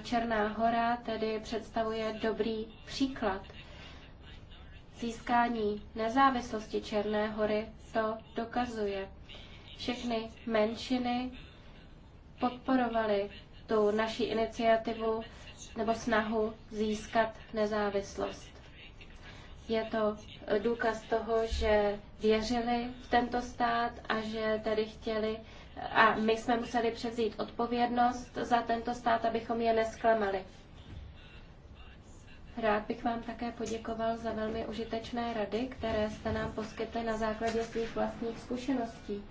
Černá hora tedy představuje dobrý příklad. Získání nezávislosti Černé hory to dokazuje. Všechny menšiny podporovali tu naši iniciativu nebo snahu získat nezávislost. Je to důkaz toho, že věřili v tento stát a že tedy chtěli a my jsme museli převzít odpovědnost za tento stát, abychom je nesklamali. Rád bych vám také poděkoval za velmi užitečné rady, které jste nám poskytli na základě svých vlastních zkušeností.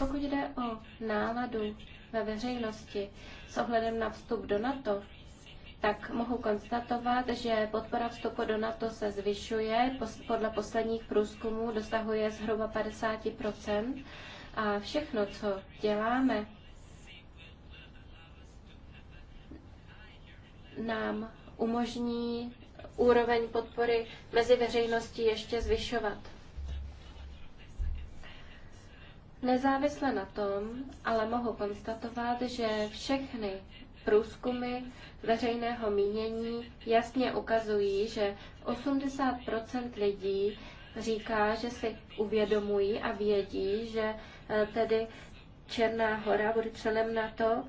Pokud jde o náladu ve veřejnosti s ohledem na vstup do NATO, tak mohu konstatovat, že podpora vstupu do NATO se zvyšuje. Podle posledních průzkumů dosahuje zhruba 50 a všechno, co děláme, nám umožní úroveň podpory mezi veřejností ještě zvyšovat. Nezávisle na tom, ale mohu konstatovat, že všechny průzkumy veřejného mínění jasně ukazují, že 80 lidí říká, že si uvědomují a vědí, že eh, tedy Černá hora bude členem to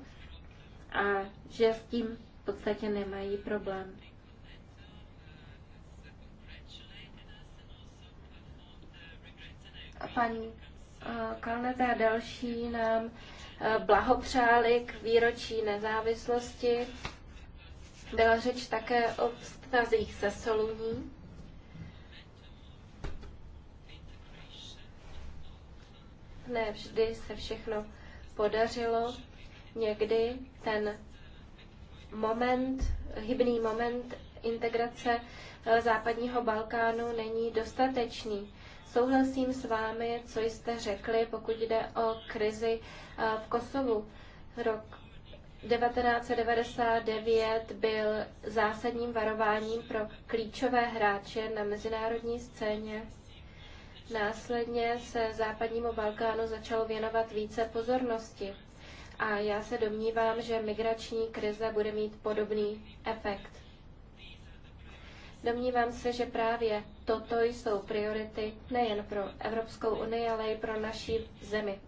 a že s tím v podstatě nemají problém. A paní Kalneta a další nám e, blahopřáli k výročí nezávislosti. Byla řeč také o vztazích se Soluní. Ne vždy se všechno podařilo. Někdy ten moment, hybný moment integrace e, západního Balkánu není dostatečný. Souhlasím s vámi, co jste řekli, pokud jde o krizi eh, v Kosovu. Rok 1999 byl zásadním varováním pro klíčové hráče na mezinárodní scéně. Následně se západnímu Balkánu začalo věnovat více pozornosti a já se domnívám, že migrační krize bude mít podobný efekt. Domnívám se, že právě toto jsou priority nejen pro Evropskou unii, ale i pro naší zemi.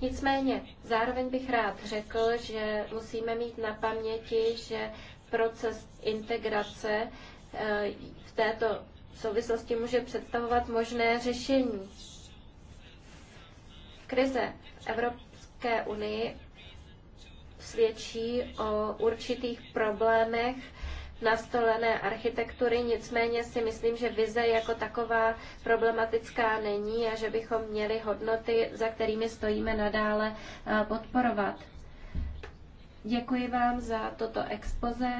Nicméně, zároveň bych rád řekl, že musíme mít na paměti, že proces integrace eh, v této souvislosti může představovat možné řešení. Krize v Evropské unii svědčí o určitých problémech nastolené architektury, nicméně si myslím, že vize jako taková problematická není a že bychom měli hodnoty, za kterými stojíme nadále, eh, podporovat. Děkuji vám za toto expoze,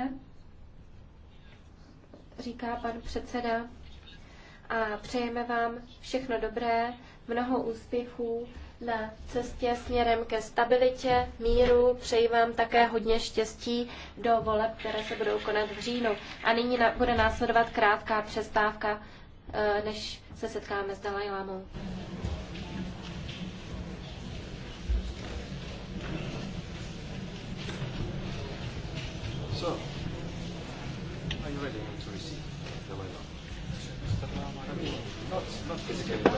říká pan předseda, a přejeme vám všechno dobré, mnoho úspěchů na cestě směrem ke stabilitě, míru. Přeji vám také hodně štěstí do voleb, které se budou konat v říjnu. A nyní bude následovat krátká přestávka, eh, než se setkáme s Dalajlámou. So, are you ready to receive Dalai Lama? Not, not physically.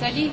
Nathalie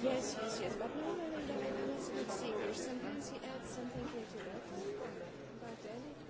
Yes, yes, yes. But normally the analyst would see sometimes he adds something here to that, but then it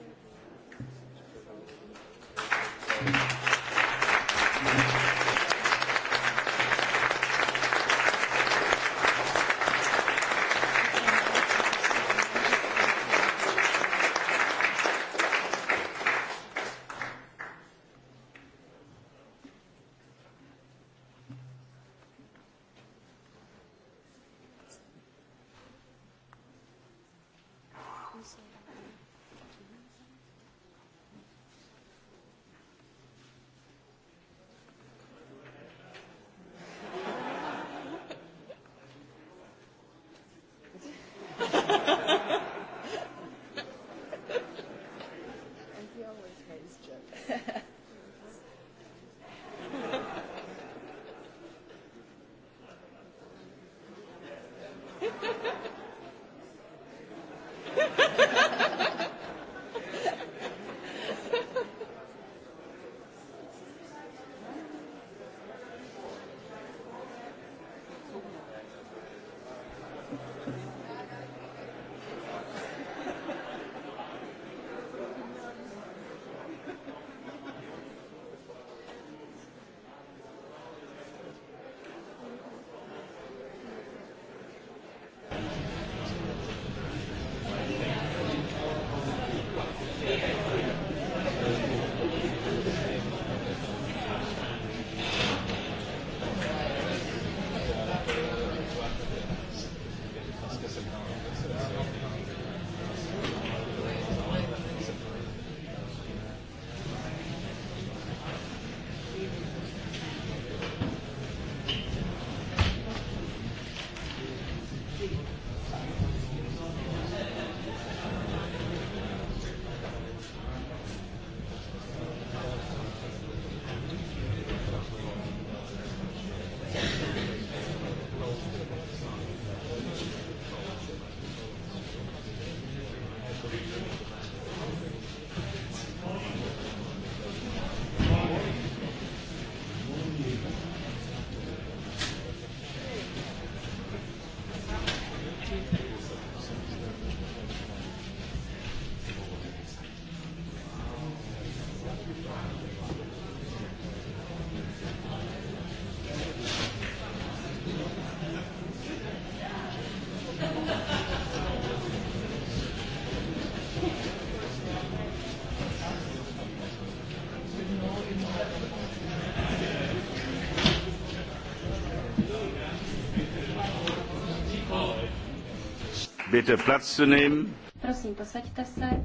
bitte Platz zu nehmen. Prosím, posaďte se.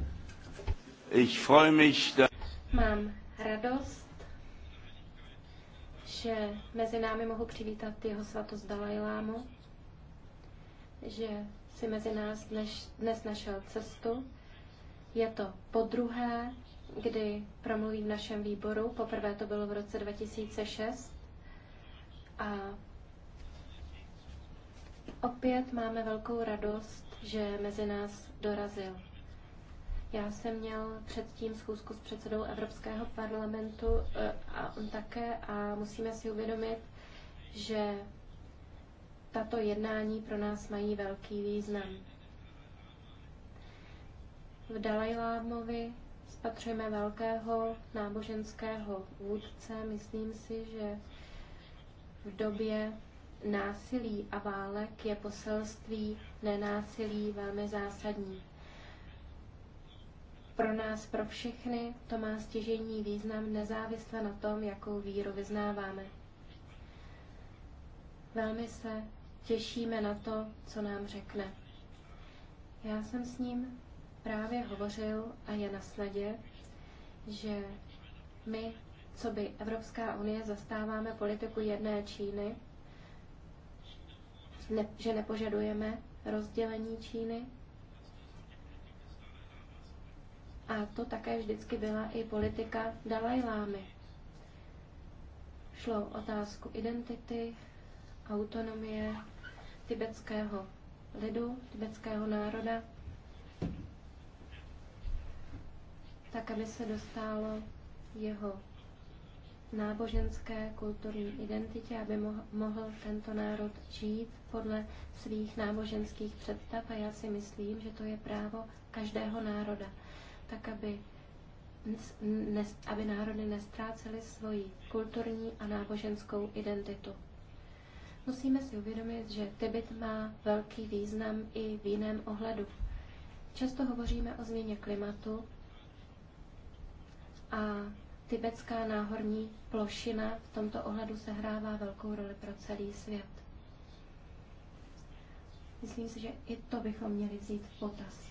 Ich freue mich, da... Mám radost, že mezi námi mohu přivítat jeho svatost Dalajlámu, že si mezi nás dnes, dnes našel cestu. Je to po druhé, kdy promluví v našem výboru. Poprvé to bylo v roce 2006. A opět máme velkou radost, že mezi nás dorazil. Já jsem měl předtím schůzku s předsedou Evropského parlamentu eh, a on také a musíme si uvědomit, že tato jednání pro nás mají velký význam. V Dalajlámovi spatřujeme velkého náboženského vůdce. Myslím si, že v době násilí a válek je poselství nenásilí velmi zásadní. Pro nás, pro všechny, to má stěžení význam nezávisle na tom, jakou víru vyznáváme. Velmi se těšíme na to, co nám řekne. Já jsem s ním právě hovořil a je na sledě, že my, co by Evropská unie, zastáváme politiku jedné Číny, ne, že nepožadujeme rozdělení Číny. A to také vždycky byla i politika Dalajlámy. Šlo o otázku identity, autonomie tibetského lidu, tibetského národa, tak aby se dostalo jeho náboženské kulturní identitě, aby mohl tento národ žít podle svých náboženských představ a já si myslím, že to je právo každého národa, tak aby, ne, aby národy nestrácely svoji kulturní a náboženskou identitu. Musíme si uvědomit, že Tibet má velký význam i v jiném ohledu. Často hovoříme o změně klimatu a tibetská náhorní plošina v tomto ohledu sehrává velkou roli pro celý svět. Myslím si, že i to bychom měli vzít v potaz.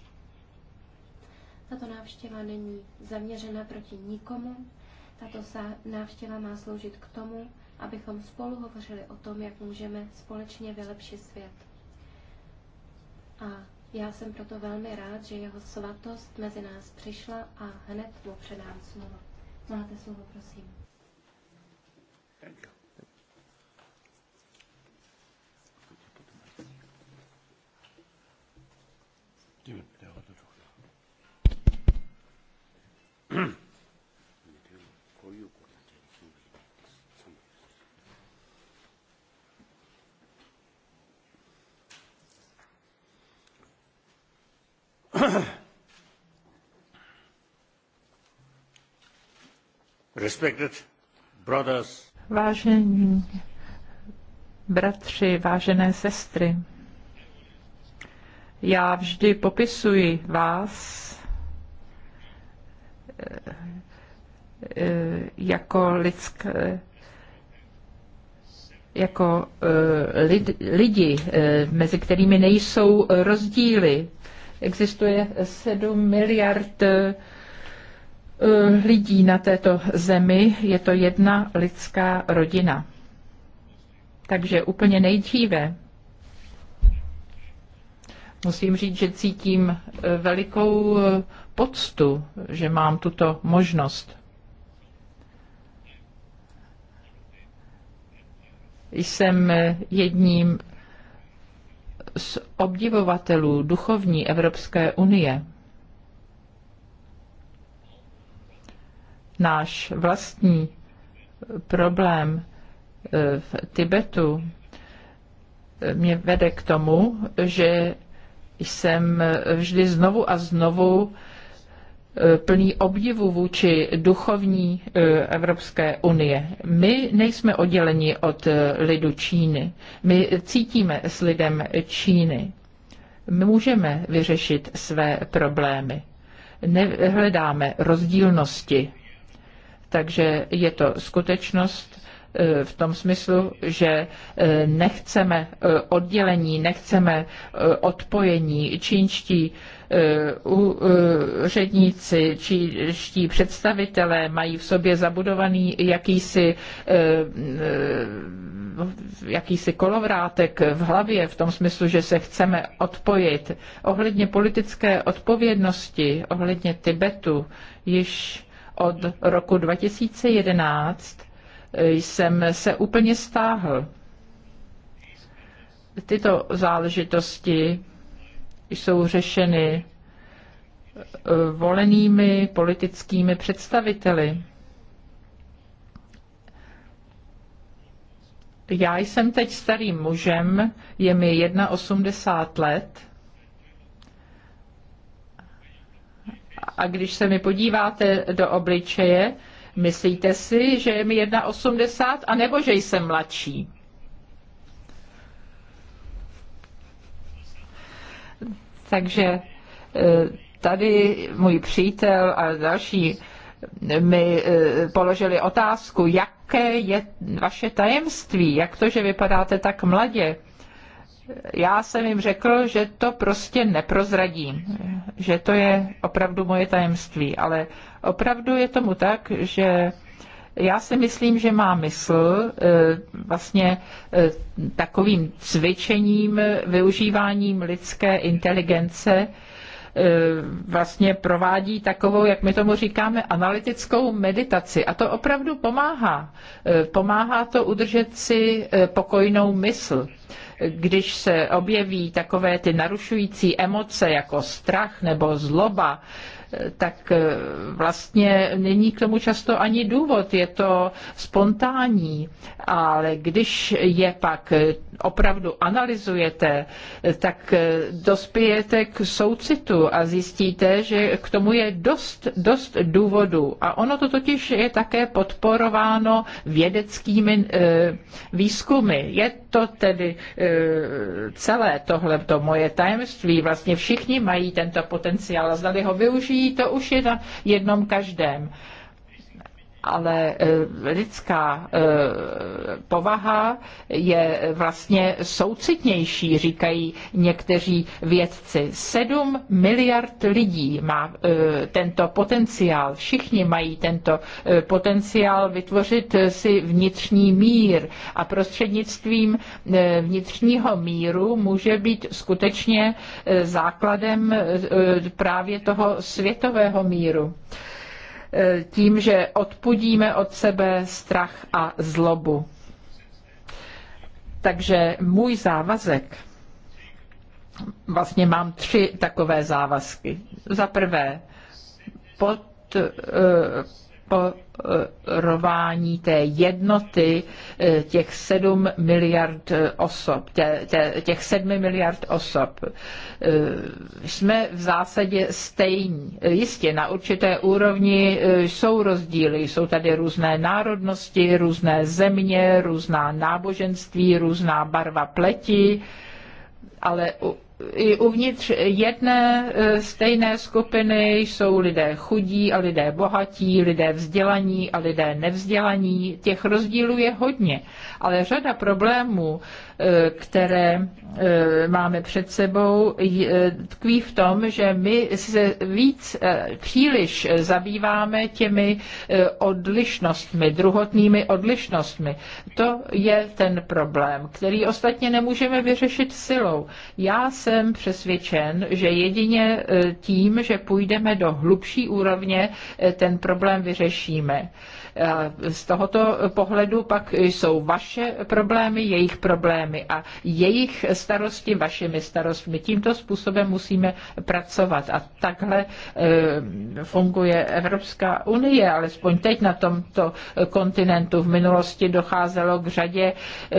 Tato návštěva není zaměřena proti nikomu. Tato návštěva má sloužit k tomu, abychom spolu hovořili o tom, jak můžeme společně vylepšit svět. A já jsem proto velmi rád, že jeho svatost mezi nás přišla a hned mu předám slovo. Máte slovo, prosím. Vážení bratři, vážené sestry, já vždy popisuji vás Eh, jako lidsk, eh, jako eh, lid, lidi, mezi kterými nejsou rozdíly. Existuje 7 miliard lidí na této zemi, je to jedna lidská rodina. Takže úplně nejdříve musím říct, že cítím eh, velikou eh, poctu, že mám tuto možnost. Jsem eh, jedním z obdivovatelů duchovní Evropské unie. Náš vlastní problém v Tibetu mě vede k tomu, že jsem vždy znovu a znovu e, plný obdivu vůči duchovní e, Evropské unie. My nejsme odděleni od e, lidu Číny. My cítíme s lidem Číny. My můžeme vyřešit své problémy. Nehledáme rozdílnosti. Takže je to skutečnost, Eh, v tom smyslu, že eh, nechceme eh, oddělení, nechceme odpojení. Čínští úředníci, čínští představitelé mají v sobě zabudovaný jakýsi, jakýsi kolovrátek v hlavě v tom smyslu, že se chceme odpojit. Ohledně politické odpovědnosti, ohledně Tibetu, již od roku 2011 jsem se úplně stáhl. Tyto záležitosti jsou řešeny eh, volenými politickými představiteli. Já jsem teď starým mužem, je mi 81 let. A když se mi podíváte do obličeje, Myslíte si, že je mi 1,80 nebo že jsem mladší? Takže eh, tady můj přítel a další eh, mi eh, položili otázku, jaké je vaše tajemství, jak to, že vypadáte tak mladě já jsem jim řekl, že to prostě neprozradím, že to je opravdu moje tajemství, ale opravdu je tomu tak, že já si myslím, že má mysl eh, vlastně eh, takovým cvičením, využíváním lidské inteligence, eh, vlastně provádí takovou, jak my tomu říkáme, analytickou meditaci. A to opravdu pomáhá. Pomáhá to udržet si pokojnou mysl když se objeví takové ty narušující emoce jako strach nebo zloba, tak eh, vlastně není k tomu často ani důvod, je to spontánní, ale když je pak opravdu analyzujete, tak eh, dospějete k soucitu a zjistíte, že k tomu je dost, dost důvodů. A ono to totiž je také podporováno vědeckými eh, výzkumy. Je to tedy eh, celé tohle to moje tajemství. Vlastně všichni mají tento potenciál a zdali ho využijí, to už je na jednom každém ale eh, lidská eh, povaha je vlastně soucitnější, říkají někteří vědci. Sedm miliard lidí má eh, tento potenciál, všichni mají tento potenciál vytvořit si vnitřní mír a prostřednictvím vnitřního míru může být skutečně základem právě toho světového míru tím, že odpudíme od sebe strach a zlobu. Takže můj závazek, vlastně mám tři takové závazky. Za prvé, pod, eh, rování té jednoty eh, těch 7 miliard osob, těch 7 miliard osob. Eh, jsme v zásadě stejní. Jistě na určité úrovni eh, jsou rozdíly, jsou tady různé národnosti, různé země, různá náboženství, různá barva pleti, ale i uvnitř jedné e, stejné skupiny jsou lidé chudí a lidé bohatí, lidé vzdělaní a lidé nevzdělaní. Těch rozdílů je hodně, ale řada problémů, e, které e, máme před sebou, tkví v tom, že my se víc příliš zabýváme těmi odlišnostmi, druhotnými odlišnostmi. To je ten problém, který ostatně nemůžeme vyřešit silou. Já se jsem přesvědčen, že jedině e, tím, že půjdeme do hlubší úrovně, e, ten problém vyřešíme. Eh, z tohoto pohledu pak jsou vaše problémy, jejich problémy a jejich starosti vašimi starostmi. Tímto způsobem musíme pracovat a takhle eh, funguje Evropská unie, alespoň teď na tomto kontinentu. V minulosti docházelo k řadě eh,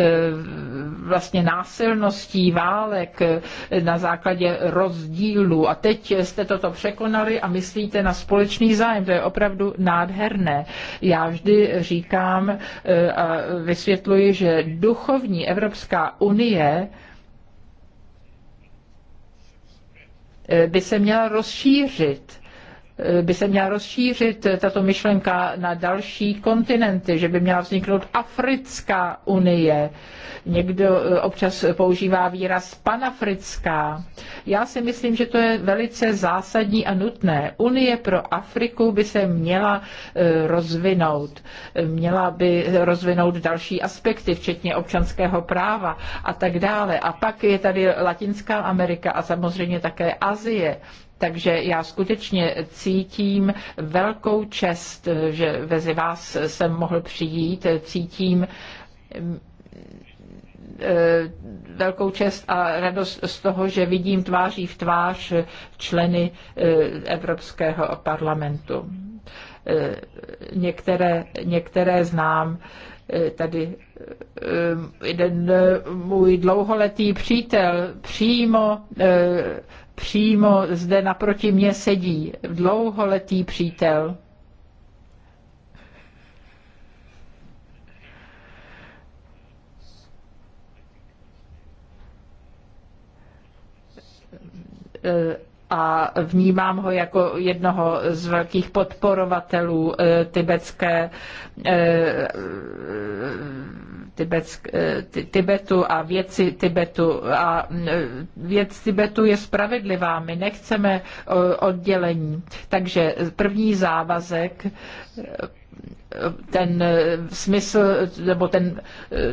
vlastně násilností, válek na základě rozdílů a teď jste toto překonali a myslíte na společný zájem. To je opravdu nádherné. Já vždy říkám eh, a vysvětluji, že duchovní Evropská unie eh, by se měla rozšířit by se měla rozšířit tato myšlenka na další kontinenty, že by měla vzniknout Africká unie. Někdo eh, občas používá výraz panafrická. Já si myslím, že to je velice zásadní a nutné. Unie pro Afriku by se měla eh, rozvinout. Měla by rozvinout další aspekty, včetně občanského práva a tak dále. A pak je tady Latinská Amerika a samozřejmě také Asie. Takže já skutečně cítím velkou čest, že mezi vás jsem mohl přijít. Cítím mm, eh, velkou čest a radost z toho, že vidím tváří v tvář členy eh, Evropského parlamentu. Eh, některé, některé znám, tady jeden můj dlouholetý přítel přímo Přímo zde naproti mě sedí dlouholetý přítel. a vnímám ho jako jednoho z velkých podporovatelů eh, tibetské eh, Tibetsk, eh, Tibetu a věci Tibetu. A mm, eh, věc Tibetu je spravedlivá, my nechceme oddělení. Takže první závazek eh, ten smysl, nebo ten,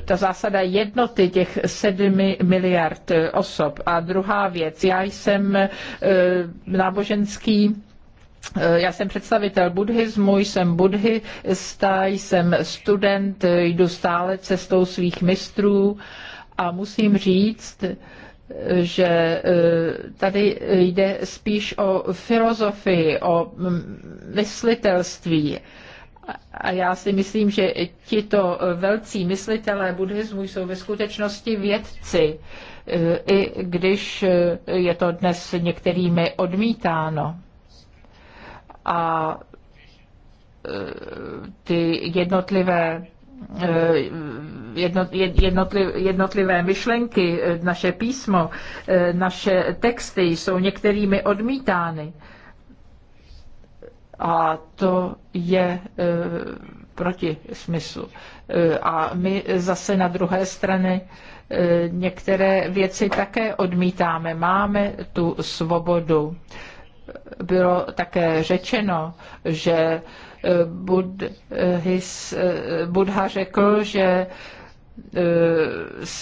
ta zásada jednoty těch sedmi miliard osob. A druhá věc, já jsem náboženský Eh, já jsem představitel buddhismu, jsem buddhista, jsem student, jdu stále cestou svých mistrů a musím říct, že eh, tady jde spíš o filozofii, o myslitelství. A já si myslím, že tito velcí myslitelé buddhismu jsou ve skutečnosti vědci, eh, i když je to dnes některými odmítáno a e, ty jednotlivé e, jednotlivé myšlenky, e, naše písmo, naše texty jsou některými odmítány. A to je proti smyslu. A my zase na druhé straně některé věci také odmítáme. Máme tu svobodu bylo také řečeno, že eh, Budhis, eh, eh, Budha řekl, že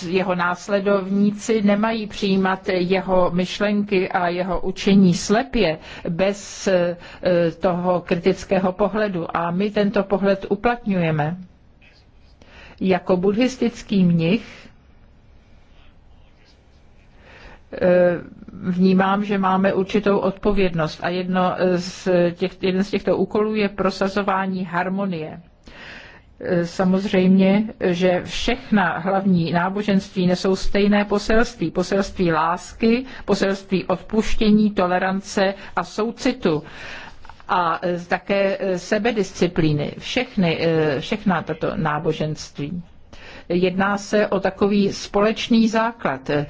jeho následovníci nemají přijímat jeho myšlenky a jeho učení slepě bez toho kritického pohledu. A my tento pohled uplatňujeme. Jako buddhistický mnich vnímám, že máme určitou odpovědnost a jedno z těch, jeden z těchto úkolů je prosazování harmonie. Samozřejmě, že všechna hlavní náboženství nesou stejné poselství. Poselství lásky, poselství odpuštění, tolerance a soucitu a také sebedisciplíny. Všechny, eh, všechna tato náboženství. Jedná se o takový společný základ e,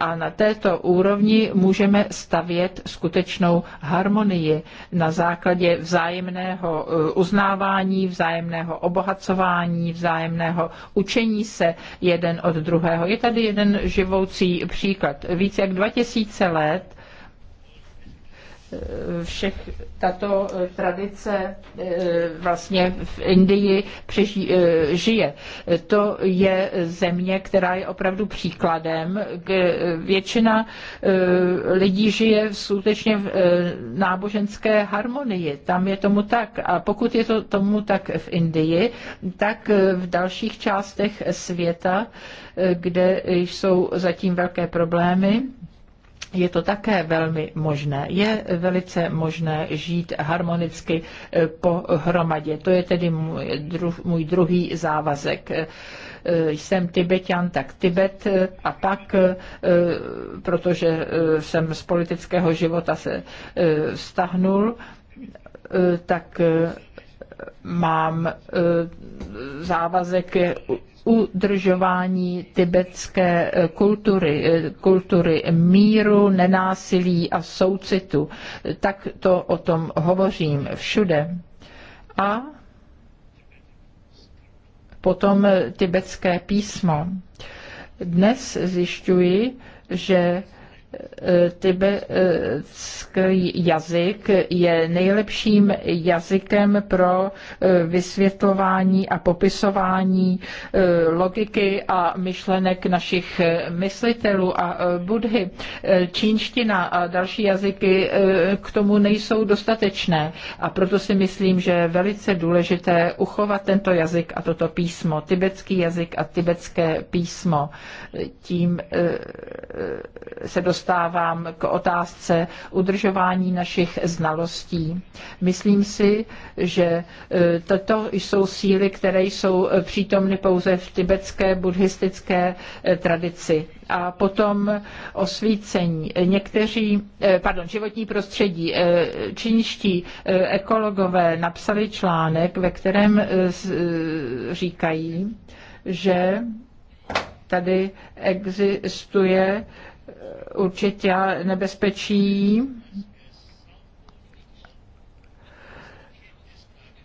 a na této úrovni můžeme stavět skutečnou harmonii na základě vzájemného e, uznávání, vzájemného obohacování, vzájemného učení se jeden od druhého. Je tady jeden živoucí příklad. Více jak 2000 let všech tato eh, tradice eh, vlastně v Indii přeží, eh, žije. To je země, která je opravdu příkladem. Většina lidí žije skutečně v náboženské harmonii. Tam je tomu tak. A pokud je to tomu tak v Indii, tak v dalších částech světa, kde jsou zatím velké problémy, je to také velmi možné. Je velice možné žít harmonicky eh, pohromadě. To je tedy můj, můj druhý závazek. Eh, jsem Tibetan, tak Tibet eh, a pak, protože jsem z politického života se stahnul, tak mám eh, závazek udržování tibetské eh, kultury, eh, kultury míru, nenásilí a soucitu. Tak to o tom hovořím všude. A potom tibetské písmo. Dnes zjišťuji, že tibetský jazyk je nejlepším jazykem pro eh, vysvětlování a popisování eh, logiky a myšlenek našich eh, myslitelů a budhy. Čínština a další jazyky k tomu nejsou dostatečné a proto si myslím, že je velice důležité uchovat tento jazyk a toto písmo, tibetský jazyk a tibetské písmo. Tím se dostává dostávám k otázce udržování našich znalostí. Myslím si, že e, toto jsou síly, které jsou e, přítomny pouze v tibetské buddhistické e, tradici. A potom osvícení. Někteří, pardon, životní prostředí. činiští ekologové napsali článek, ve kterém říkají, že tady existuje určitě nebezpečí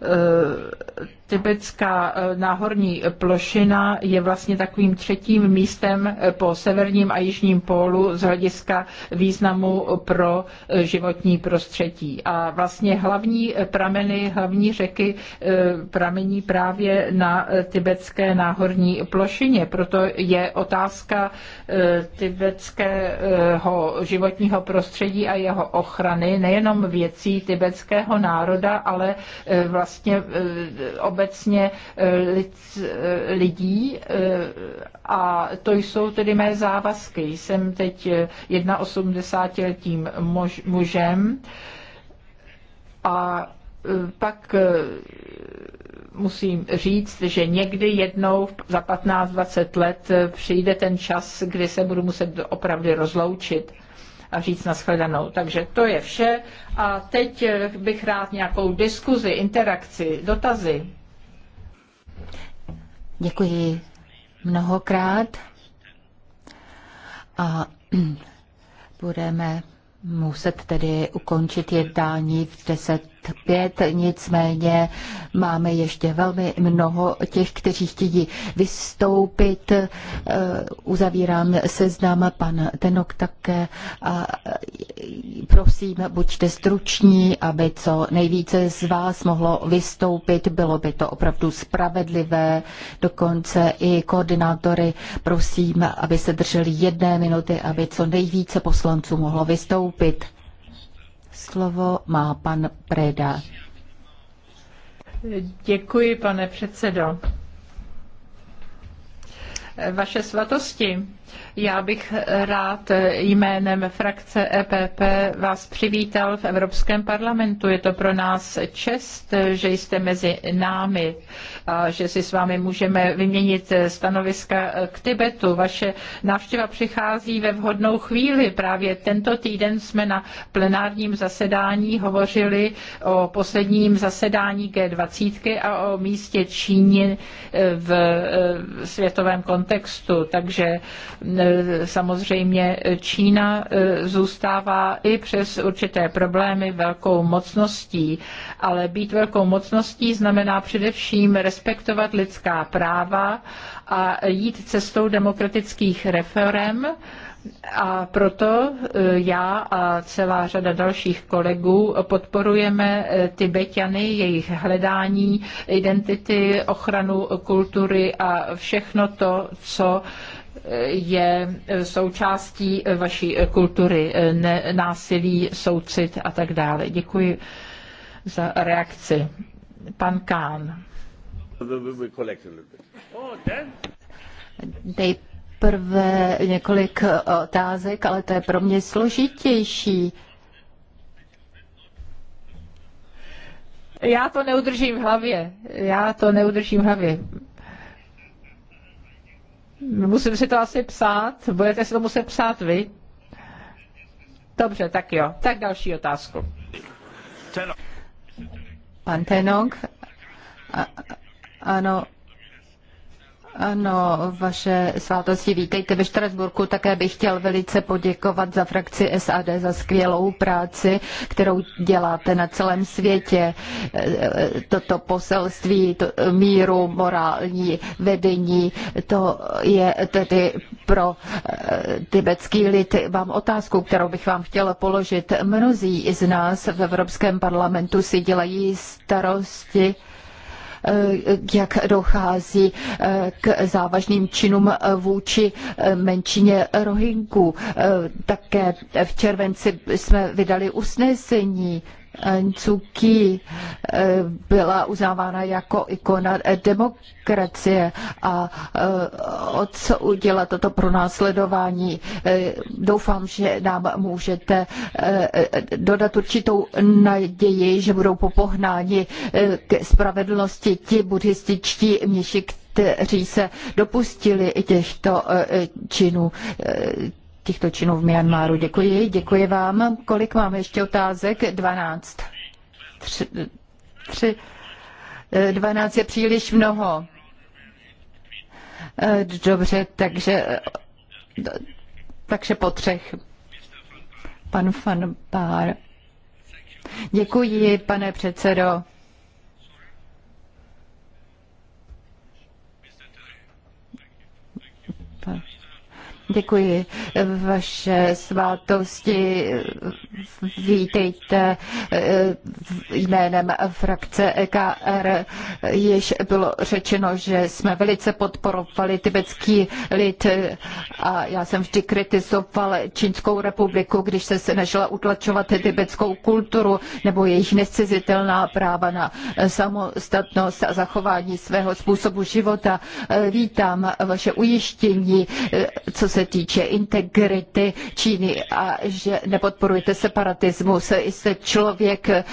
eh, tibetská eh, náhorní plošina je vlastně takovým třetím místem eh, po severním a jižním pólu z hlediska významu pro eh, životní prostředí. A vlastně hlavní prameny, hlavní řeky pramení právě na tibetské náhorní plošině. Proto je otázka tibetského životního prostředí a jeho ochrany nejenom věcí tibetského národa, ale vlastně obecně obecně eh, eh, lidí eh, a to jsou tedy mé závazky. Jsem teď 81-letým mužem a pak musím říct, že někdy jednou za 15-20 let přijde ten čas, kdy se budu muset opravdu rozloučit a říct nashledanou. Takže to je vše. A teď bych rád nějakou diskuzi, interakci, dotazy. Děkuji mnohokrát a [clears throat] budeme muset tedy ukončit jednání v 10 5, nicméně máme ještě velmi mnoho těch, kteří chtějí vystoupit. Eh, uzavírám seznam pan Tenok také a eh, prosím, buďte struční, aby co nejvíce z vás mohlo vystoupit. Bylo by to opravdu spravedlivé. Dokonce i koordinátory prosím, aby se drželi jedné minuty, aby co nejvíce poslanců mohlo vystoupit. Slovo má pan Preda. Děkuji, pane předsedo. Vaše svatosti, já bych rád jménem frakce EPP vás přivítal v Evropském parlamentu. Je to pro nás čest, že jste mezi námi a že si s vámi můžeme vyměnit stanoviska k Tibetu. Vaše návštěva přichází ve vhodnou chvíli. Právě tento týden jsme na plenárním zasedání hovořili o posledním zasedání G20 a o místě Číny v eh, světovém kontextu. Takže Samozřejmě Čína e, zůstává i přes určité problémy velkou mocností, ale být velkou mocností znamená především respektovat lidská práva a jít cestou demokratických reform, a proto e, já a celá řada dalších kolegů podporujeme e, Tibetany, jejich hledání identity, ochranu kultury a všechno to, co je součástí vaší kultury, ne, násilí, soucit a tak dále. Děkuji za reakci. Pan Kán. Nejprve několik otázek, ale to je pro mě složitější. Já to neudržím v hlavě. Já to neudržím v hlavě. Musím si to asi psát, budete si to muset psát vy. Dobře, tak jo. Tak další otázku. Pan Tenong, ano, ano, vaše svátosti, vítejte ve Štrasburku. Také bych chtěl velice poděkovat za frakci SAD za skvělou práci, kterou děláte na celém světě. Toto poselství to míru, morální vedení, to je tedy pro eh, tibetský lid. Vám otázku, kterou bych vám chtěla položit. Mnozí z nás v Evropském parlamentu si dělají starosti, Eh, jak dochází eh, k závažným činům eh, vůči menšině Rohingů. Také v červenci jsme vydali usnesení, Ncuki eh, byla uznávána jako ikona demokracie a eh, o co udělat toto pronásledování. Eh, doufám, že nám můžete dodat určitou naději, že budou popohnáni k spravedlnosti ti buddhističtí měši, kteří se dopustili těchto činů těchto činů v Myanmaru. Děkuji, děkuji vám. Kolik máme ještě otázek? 12. 3, 12 je příliš mnoho. Dobře, takže, takže po třech. Pan Fanpár. Děkuji, pane předsedo. Děkuji vaše svátosti. Vítejte eh, jménem frakce EKR. Již bylo řečeno, že jsme velice podporovali tibetský lid a já jsem vždy kritizoval Čínskou republiku, když se snažila utlačovat tibetskou kulturu nebo jejich nescizitelná práva na samostatnost a zachování svého způsobu života. Eh, vítám vaše ujištění, eh, co se se týče integrity Číny a že nepodporujete separatismus. Jste člověk eh,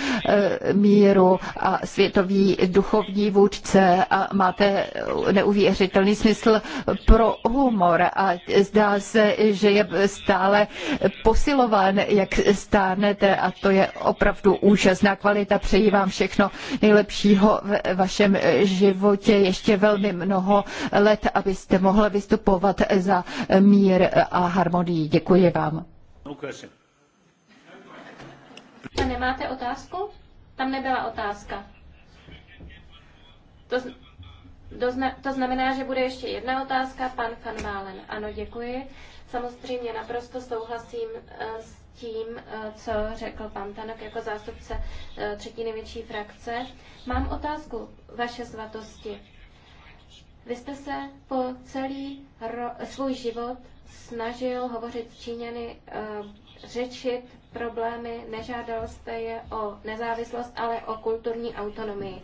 míru a světový duchovní vůdce a máte neuvěřitelný smysl pro humor a zdá se, že je stále posilován, jak stánete a to je opravdu úžasná kvalita. Přeji vám všechno nejlepšího ve vašem životě, ještě velmi mnoho let, abyste mohla vystupovat za mír mír a harmonii. Děkuji vám. A nemáte otázku? Tam nebyla otázka. To, z, to, zna, to znamená, že bude ještě jedna otázka, pan Van Malen. Ano, děkuji. Samozřejmě naprosto souhlasím eh, s tím, eh, co řekl pan Tanak jako zástupce eh, třetí největší frakce. Mám otázku, vaše svatosti. Vy jste se po celý ro- svůj život snažil hovořit Číňany, uh, eh, řečit problémy, nežádal jste je o nezávislost, ale o kulturní autonomii.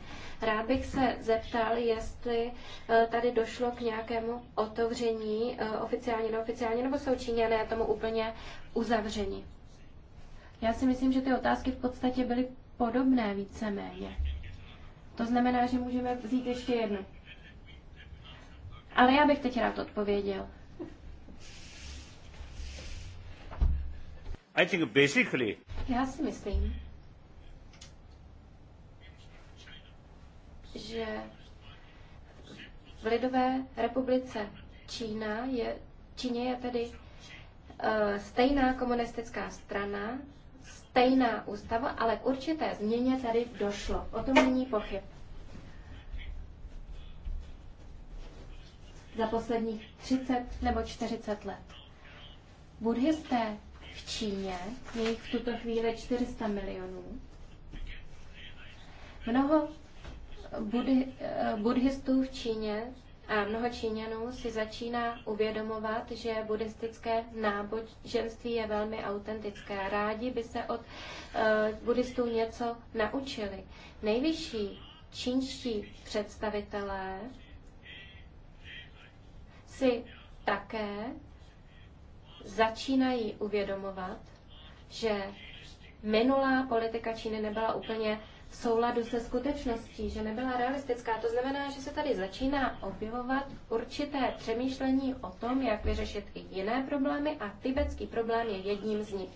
Rád bych se zeptal, jestli eh, tady došlo k nějakému otevření, eh, oficiálně, neoficiálně, nebo jsou Číňané tomu úplně uzavření. Já si myslím, že ty otázky v podstatě byly podobné víceméně. To znamená, že můžeme vzít ještě jednu. Ale já bych teď rád odpověděl. I think basically... Já si myslím, že v Lidové republice Čína je, Číně je tedy uh, stejná komunistická strana, stejná ústava, ale k určité změně tady došlo. O tom není pochyb. za posledních 30 nebo 40 let. Buddhisté v Číně, je jich v tuto chvíli 400 milionů. Mnoho budhy, eh, buddhistů v Číně a mnoho Číňanů si začíná uvědomovat, že buddhistické náboženství je velmi autentické. Rádi by se od uh, buddhistů něco naučili. Nejvyšší čínští představitelé si také začínají uvědomovat, že minulá politika Číny nebyla úplně v souladu se skutečností, že nebyla realistická. To znamená, že se tady začíná objevovat určité přemýšlení o tom, jak vyřešit i jiné problémy a tibetský problém je jedním z nich.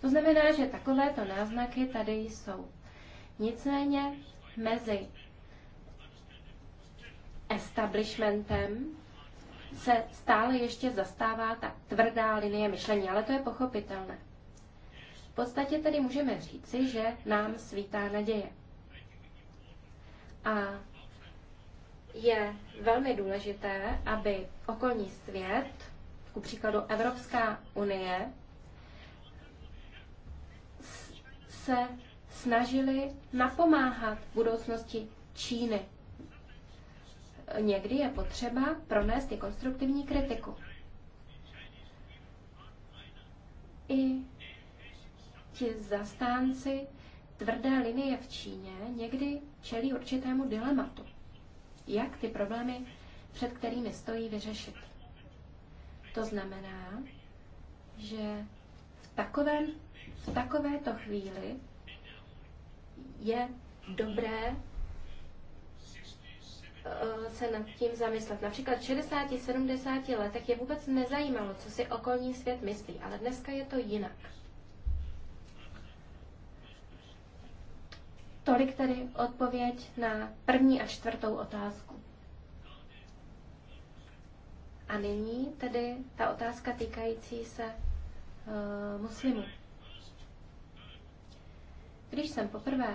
To znamená, že takovéto náznaky tady jsou. Nicméně mezi establishmentem se stále ještě zastává ta tvrdá linie myšlení, ale to je pochopitelné. V podstatě tedy můžeme říci, že nám svítá naděje. A je velmi důležité, aby okolní svět, ku příkladu Evropská unie, se snažili napomáhat budoucnosti Číny někdy je potřeba pronést i konstruktivní kritiku. I ti zastánci tvrdé linie v Číně někdy čelí určitému dilematu. Jak ty problémy, před kterými stojí, vyřešit? To znamená, že v, takovém, v takovéto chvíli je dobré Eh, se nad tím zamyslet. Například v 60, 70 letech je vůbec nezajímalo, co si okolní svět myslí, ale dneska je to jinak. Tolik tedy odpověď na první a čtvrtou otázku. A nyní tedy ta otázka týkající se uh, muslimů. Když jsem poprvé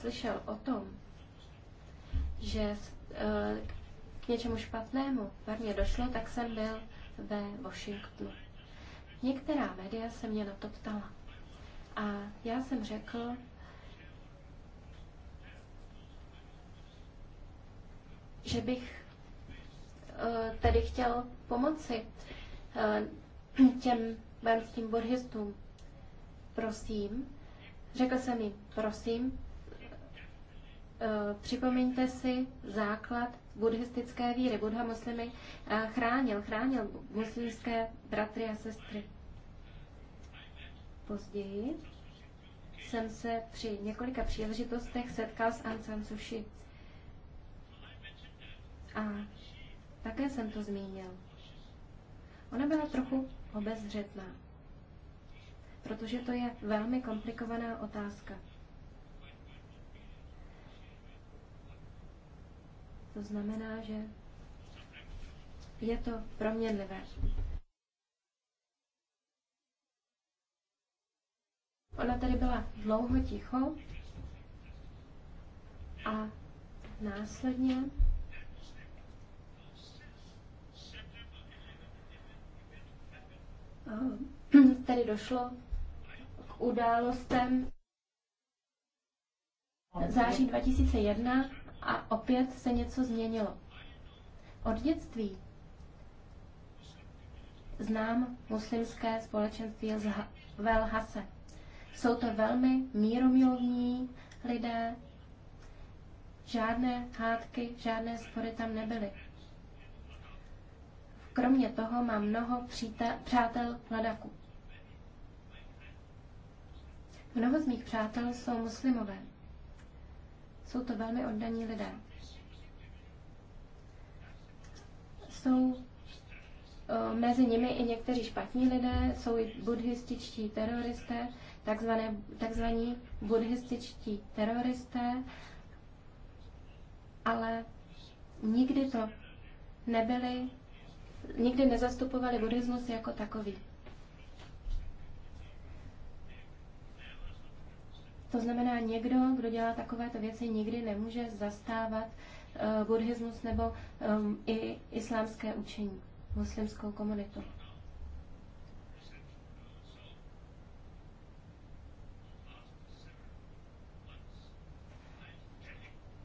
slyšel o tom, že eh, k něčemu špatnému ve mně došlo, tak jsem byl ve Washingtonu. Některá média se mě na to ptala. A já jsem řekl, že bych eh, tedy chtěl pomoci eh, těm banským borhistům. Prosím, řekl jsem jim, prosím, Eh, připomeňte si základ buddhistické víry. Buddha muslimy eh, chránil, chránil muslimské bratry a sestry. Později jsem se při několika příležitostech setkal s Ansan Sushi A také jsem to zmínil. Ona byla trochu obezřetná, protože to je velmi komplikovaná otázka. To znamená, že je to proměnlivé. Ona tady byla dlouho ticho a následně [clears throat] tady došlo k událostem září 2001 a opět se něco změnilo. Od dětství znám muslimské společenství z Velhase. Jsou to velmi míromilovní lidé, žádné hádky, žádné spory tam nebyly. Kromě toho mám mnoho přítel, přátel Ladaku. Mnoho z mých přátel jsou muslimové. Jsou to velmi oddaní lidé. Jsou eh, mezi nimi i někteří špatní lidé, jsou i buddhističtí teroristé, takzvané, takzvaní buddhističtí teroristé, ale nikdy to nebyli, nikdy nezastupovali buddhismus jako takový. To znamená, někdo, kdo dělá takovéto věci, nikdy nemůže zastávat uh, buddhismus nebo um, i islámské učení, muslimskou komunitu.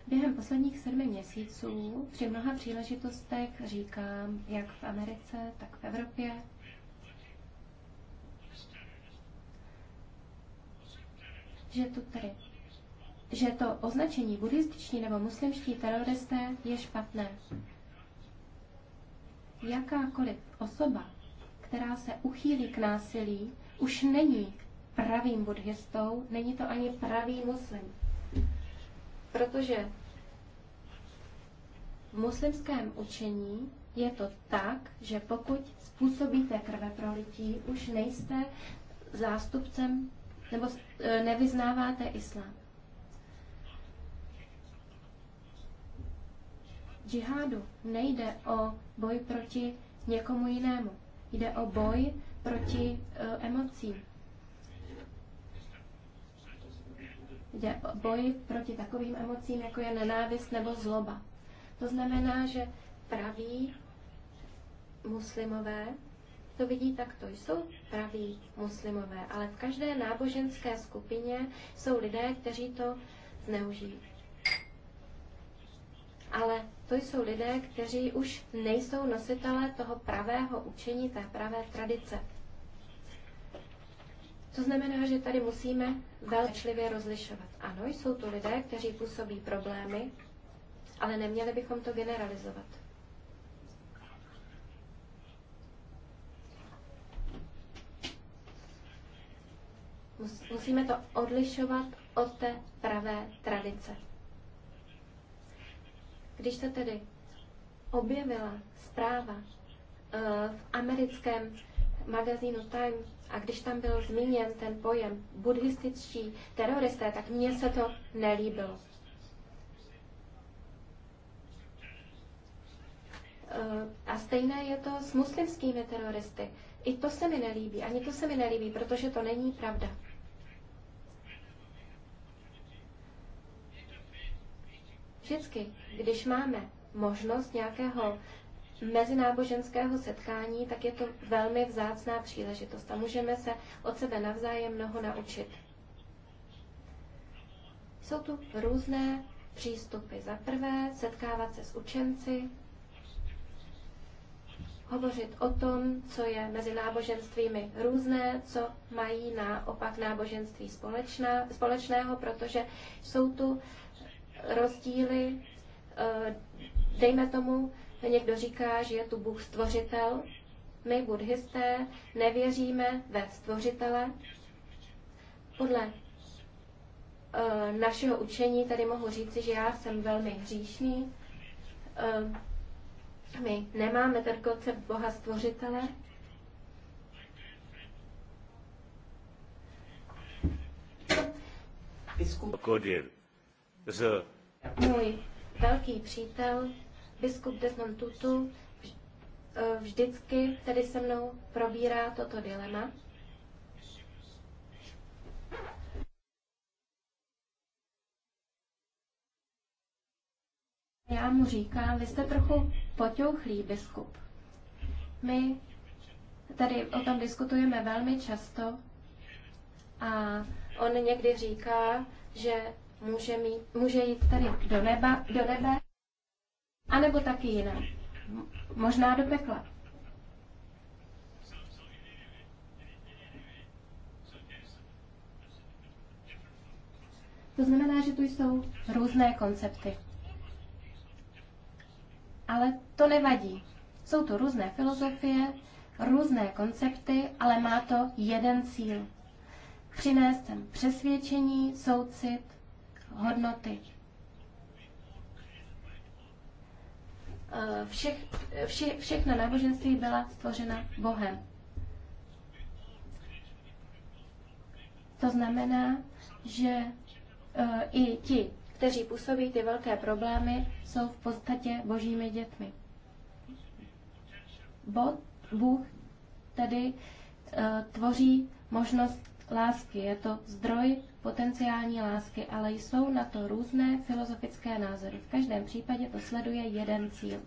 Během posledních sedmi měsíců při mnoha příležitostech říkám, jak v Americe, tak v Evropě, že to tady, že to označení buddhističtí nebo muslimští teroristé je špatné. Jakákoliv osoba, která se uchýlí k násilí, už není pravým buddhistou, není to ani pravý muslim. Protože v muslimském učení je to tak, že pokud způsobíte krveprolití, už nejste zástupcem nebo e, nevyznáváte islám. Džihádu nejde o boj proti někomu jinému. Jde o boj proti uh, emocím. Jde o boj proti takovým emocím, jako je nenávist nebo zloba. To znamená, že praví muslimové to vidí takto. Jsou praví muslimové, ale v každé náboženské skupině jsou lidé, kteří to zneužijí. Ale to jsou lidé, kteří už nejsou nositelé toho pravého učení, té pravé tradice. To znamená, že tady musíme velčlivě rozlišovat. Ano, jsou to lidé, kteří působí problémy, ale neměli bychom to generalizovat. Musíme to odlišovat od té pravé tradice. Když se tedy objevila zpráva eh, v americkém magazínu Time a když tam byl zmíněn ten pojem buddhističtí teroristé, tak mně se to nelíbilo. Eh, a stejné je to s muslimskými teroristy. I to se mi nelíbí, ani to se mi nelíbí, protože to není pravda. Vždycky, když máme možnost nějakého mezináboženského setkání, tak je to velmi vzácná příležitost a můžeme se od sebe navzájem mnoho naučit. Jsou tu různé přístupy. Za prvé, setkávat se s učenci, hovořit o tom, co je mezi náboženstvími různé, co mají naopak náboženství společná, společného, protože jsou tu rozdíly. Eh, dejme tomu, někdo říká, že je tu Bůh stvořitel. My, buddhisté, nevěříme ve stvořitele. Podle eh, našeho učení tady mohu říci, že já jsem velmi hříšný. Eh, my nemáme ten koncept Boha stvořitele. Biskup z... Můj velký přítel, biskup Desmond Tutu, eh, vždycky tady se mnou probírá toto dilema. Já mu říkám, vy jste trochu potěuchlý biskup. My tady o tom diskutujeme velmi často a on někdy říká, že může, mít, může jít tady do, neba, do nebe, anebo taky jiné. Možná do pekla. To znamená, že tu jsou různé koncepty. Ale to nevadí. Jsou tu různé filozofie, různé koncepty, ale má to jeden cíl. Přinést sem přesvědčení, soucit, hodnoty. Eh, všech, vše, všechna náboženství byla stvořena Bohem. To znamená, že eh, i ti, kteří působí ty velké problémy, jsou v podstatě božími dětmi. Bo, Bůh tedy eh, tvoří možnost lásky. Je to zdroj potenciální lásky, ale jsou na to různé filozofické názory. V každém případě to sleduje jeden cíl.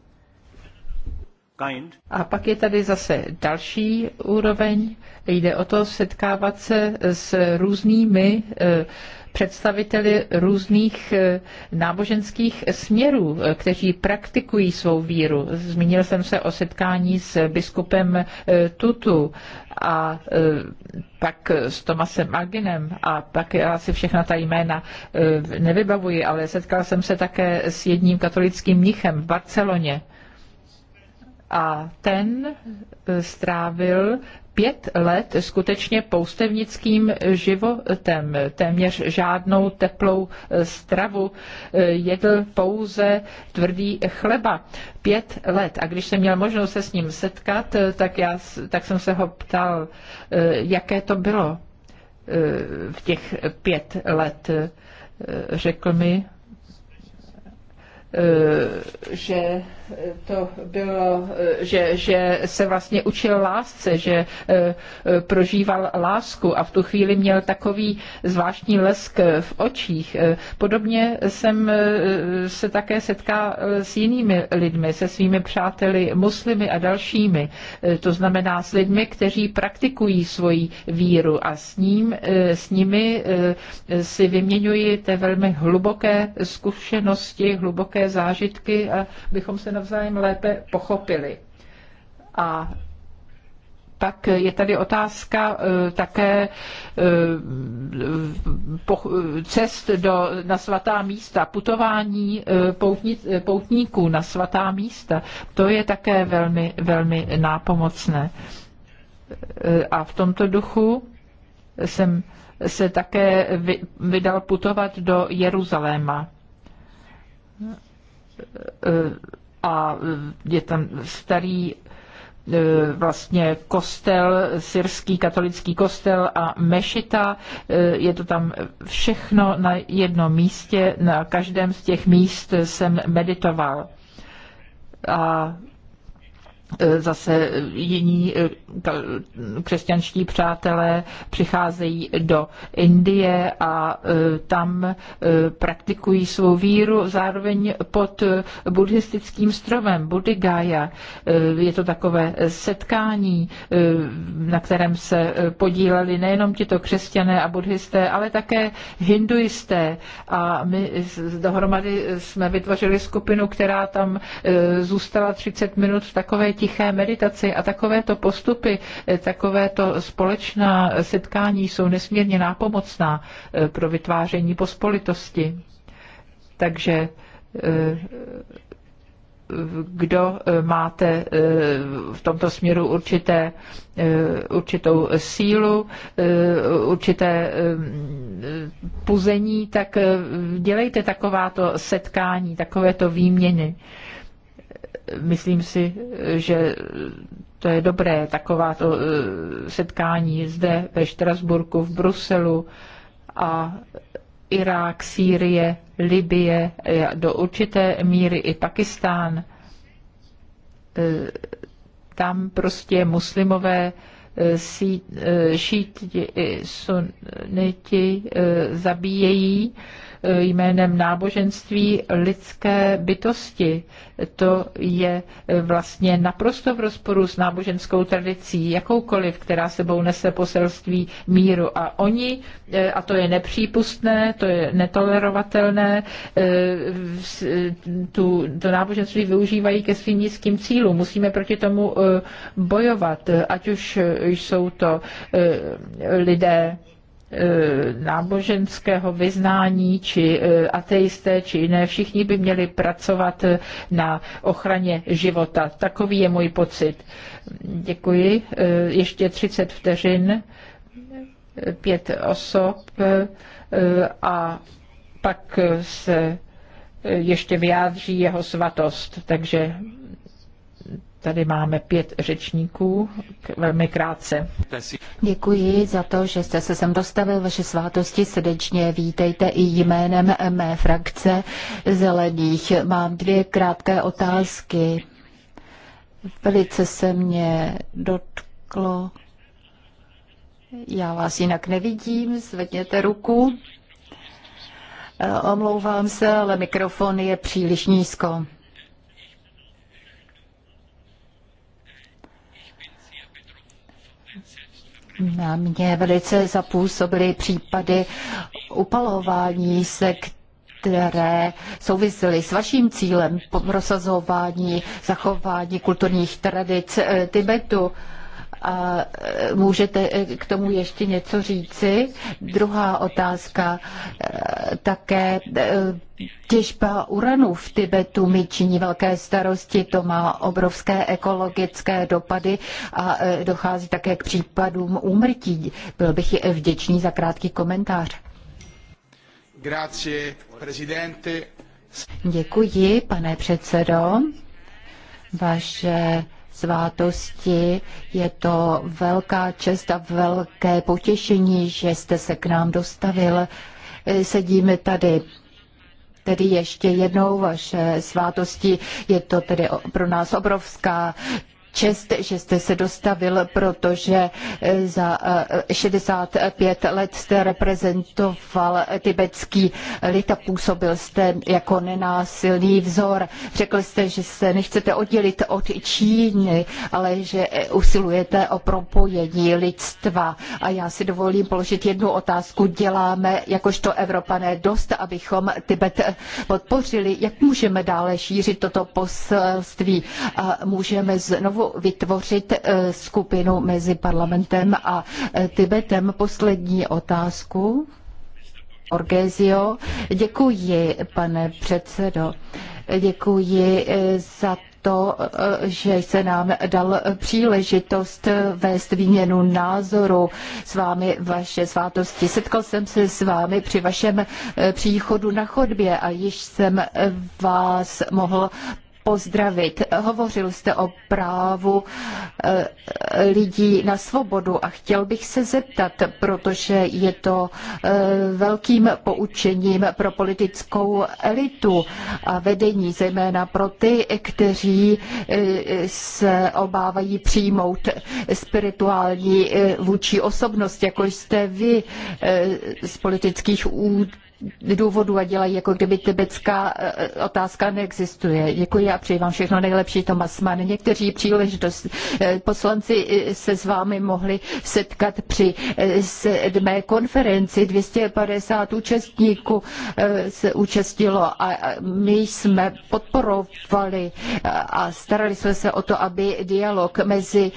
A pak je tady zase další úroveň. Jde o to setkávat se s různými eh, představiteli různých eh, náboženských směrů, eh, kteří praktikují svou víru. Zmínil jsem se o setkání s biskupem eh, Tutu a pak s Tomasem Aginem a pak já si všechna ta jména nevybavuji, ale setkal jsem se také s jedním katolickým mnichem v Barceloně a ten strávil pět let skutečně poustevnickým životem. Téměř žádnou teplou eh, stravu eh, jedl pouze tvrdý chleba. Pět let. A když jsem měl možnost se s ním setkat, eh, tak, já, tak jsem se ho ptal, jaké to bylo v těch pět let. Řekl mi, že to bylo, že, že se vlastně učil lásce, že eh, eh, prožíval lásku a v tu chvíli měl takový zvláštní lesk eh, v očích. Podobně jsem se také setkal s jinými lidmi, se svými přáteli, muslimy a dalšími. To znamená s lidmi, kteří praktikují svoji víru a s, ním, s nimi si vyměňuji té velmi hluboké zkušenosti, hluboké zážitky, a bychom se na navzájem lépe pochopili. A pak je tady otázka eh, také eh, cest do, na svatá místa, putování eh, poutníků na svatá místa. To je také velmi, velmi nápomocné. A v tomto duchu jsem se také vydal putovat do Jeruzaléma a e, je tam starý e, vlastně kostel, syrský katolický kostel a mešita. E, je to tam všechno na jednom místě. Na každém z těch míst jsem meditoval. A E, zase jiní e, křesťanští přátelé přicházejí do Indie a e, tam praktikují svou víru zároveň pod buddhistickým stromem Buddhigaya. Je to takové setkání, na kterém se podíleli nejenom tito křesťané a buddhisté, ale také hinduisté a my dohromady jsme vytvořili skupinu, která tam zůstala 30 minut v takové tiché meditaci a takovéto postupy, eh, takovéto společná setkání jsou nesmírně nápomocná eh, pro vytváření pospolitosti. Takže eh, kdo máte v tomto směru určité, určitou sílu, určité puzení, tak dělejte takováto setkání, takovéto výměny myslím si, že to je dobré, taková to eh, setkání zde ve Štrasburku, v Bruselu a Irák, Sýrie, Libie, eh, do určité míry i Pakistán. Eh, tam prostě muslimové šíti i suniti zabíjejí Eh, jménem náboženství lidské bytosti. To je eh, vlastně naprosto v rozporu s náboženskou tradicí, jakoukoliv, která sebou nese poselství míru. A oni, eh, a to je nepřípustné, to je netolerovatelné, tu, to náboženství využívají ke svým nízkým cílům. Musíme proti tomu bojovat, ať už jsou to lidé, E, náboženského vyznání, či e, ateisté, či jiné, všichni by měli pracovat na ochraně života. Takový je můj pocit. Děkuji. E, ještě 30 vteřin, pět osob a pak se ještě vyjádří jeho svatost. Takže Tady máme pět řečníků, velmi krátce. Děkuji za to, že jste se sem dostavil. Vaše svátosti srdečně vítejte i jménem mé frakce Zelených. Mám dvě krátké otázky. Velice se mě dotklo. Já vás jinak nevidím, zvedněte ruku. E, omlouvám se, ale mikrofon je příliš nízko. Na mě velice zapůsobily případy upalování se, které souvisely s vaším cílem prosazování, zachování kulturních tradic eh, Tibetu. A e, můžete e, k tomu ještě něco říci? Druhá otázka e, také Těžba uranu v Tibetu mi činí velké starosti, to má obrovské ekologické dopady a dochází také k případům úmrtí. Byl bych vděčný za krátký komentář. Grazie, Děkuji, pane předsedo. Vaše svátosti. Je to velká čest a velké potěšení, že jste se k nám dostavil. Sedíme tady Tedy ještě jednou vaše svátosti, je to tedy pro nás obrovská čest, že jste se dostavil, protože eh, za 65 eh, let jste reprezentoval tibetský lid a působil jste jako nenásilný vzor. Řekl jste, že se nechcete oddělit od Číny, ale že eh, usilujete o propojení lidstva. A já si dovolím položit jednu otázku. Děláme jakožto Evropané dost, abychom Tibet podpořili. Jak můžeme dále šířit toto poselství a můžeme znovu znovu vytvořit eh, skupinu mezi parlamentem a eh, Tibetem. Poslední otázku. Orgézio. Děkuji, pane předsedo. Děkuji eh, za to, že se nám dal příležitost vést výměnu názoru s vámi, vaše svátosti. Setkal jsem se s vámi při vašem příchodu na chodbě a již jsem vás mohl pozdravit. Hovořil jste o právu eh, lidí na svobodu a chtěl bych se zeptat, protože je to eh, velkým poučením pro politickou elitu a vedení, zejména pro ty, kteří eh, se obávají přijmout spirituální vůči osobnost, jako jste vy z politických útoků důvodů a dělají, jako kdyby tibetská eh, otázka neexistuje. Děkuji a přeji vám všechno nejlepší, Tomas Mann. Někteří příležitost eh, poslanci eh, se s vámi mohli setkat při sedmé konferenci. 250 účastníků se účastnilo a my jsme podporovali a starali jsme se o to, aby dialog mezi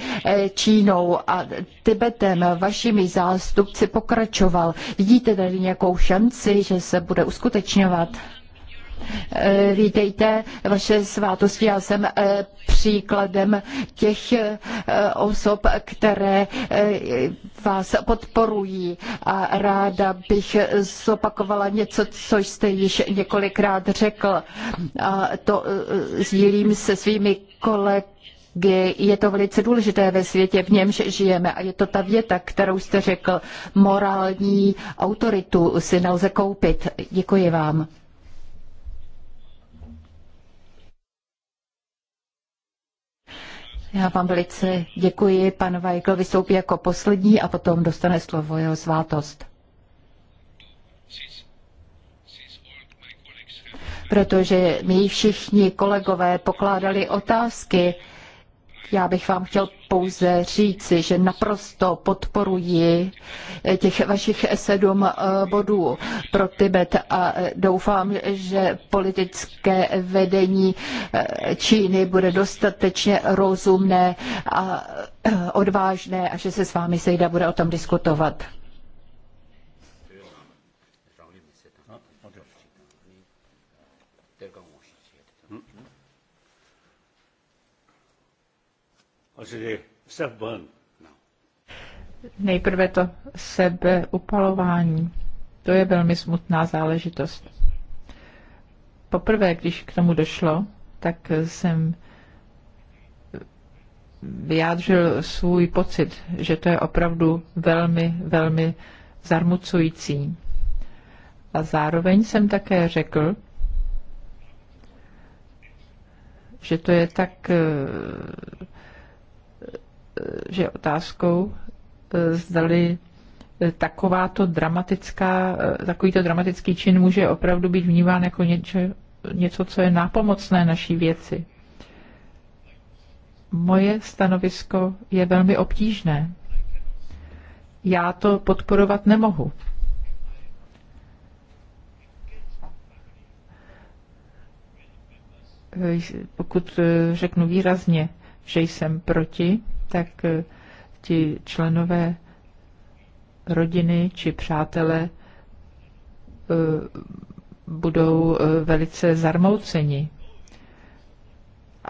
Čínou a Tibetem, vašimi zástupci, pokračoval. Vidíte tady nějakou šanci, že že se bude uskutečňovat. E, vítejte, vaše svátosti. Já jsem e, příkladem těch e, osob, které vás podporují. A ráda bych zopakovala něco, co jste již několikrát řekl. A to sdílím se svými kolegy je to velice důležité ve světě, v němž žijeme. A je to ta věta, kterou jste řekl, morální autoritu si nelze koupit. Děkuji vám. Já vám velice děkuji. Pan Vajkl vystoupí jako poslední a potom dostane slovo jeho svátost. Protože my všichni kolegové pokládali otázky, já bych vám chtěl pouze říci, že naprosto podporuji eh, těch vašich sedm eh, bodů pro Tibet a eh, doufám, že politické vedení Číny bude dostatečně rozumné a odvážné a že se s vámi sejde bude o tom diskutovat. No. Nejprve to sebeupalování. To je velmi smutná záležitost. Poprvé, když k tomu došlo, tak jsem vyjádřil svůj pocit, že to je opravdu velmi, velmi zarmucující. A zároveň jsem také řekl, že to je tak že otázkou, e, zdali e, takováto dramatická, e, takovýto dramatický čin může opravdu být vnímán jako něče, něco, co je nápomocné naší věci. Moje stanovisko je velmi obtížné. Já to podporovat nemohu. Pokud řeknu výrazně, že jsem proti, tak eh, ti členové rodiny či přátelé eh, budou eh, velice zarmouceni.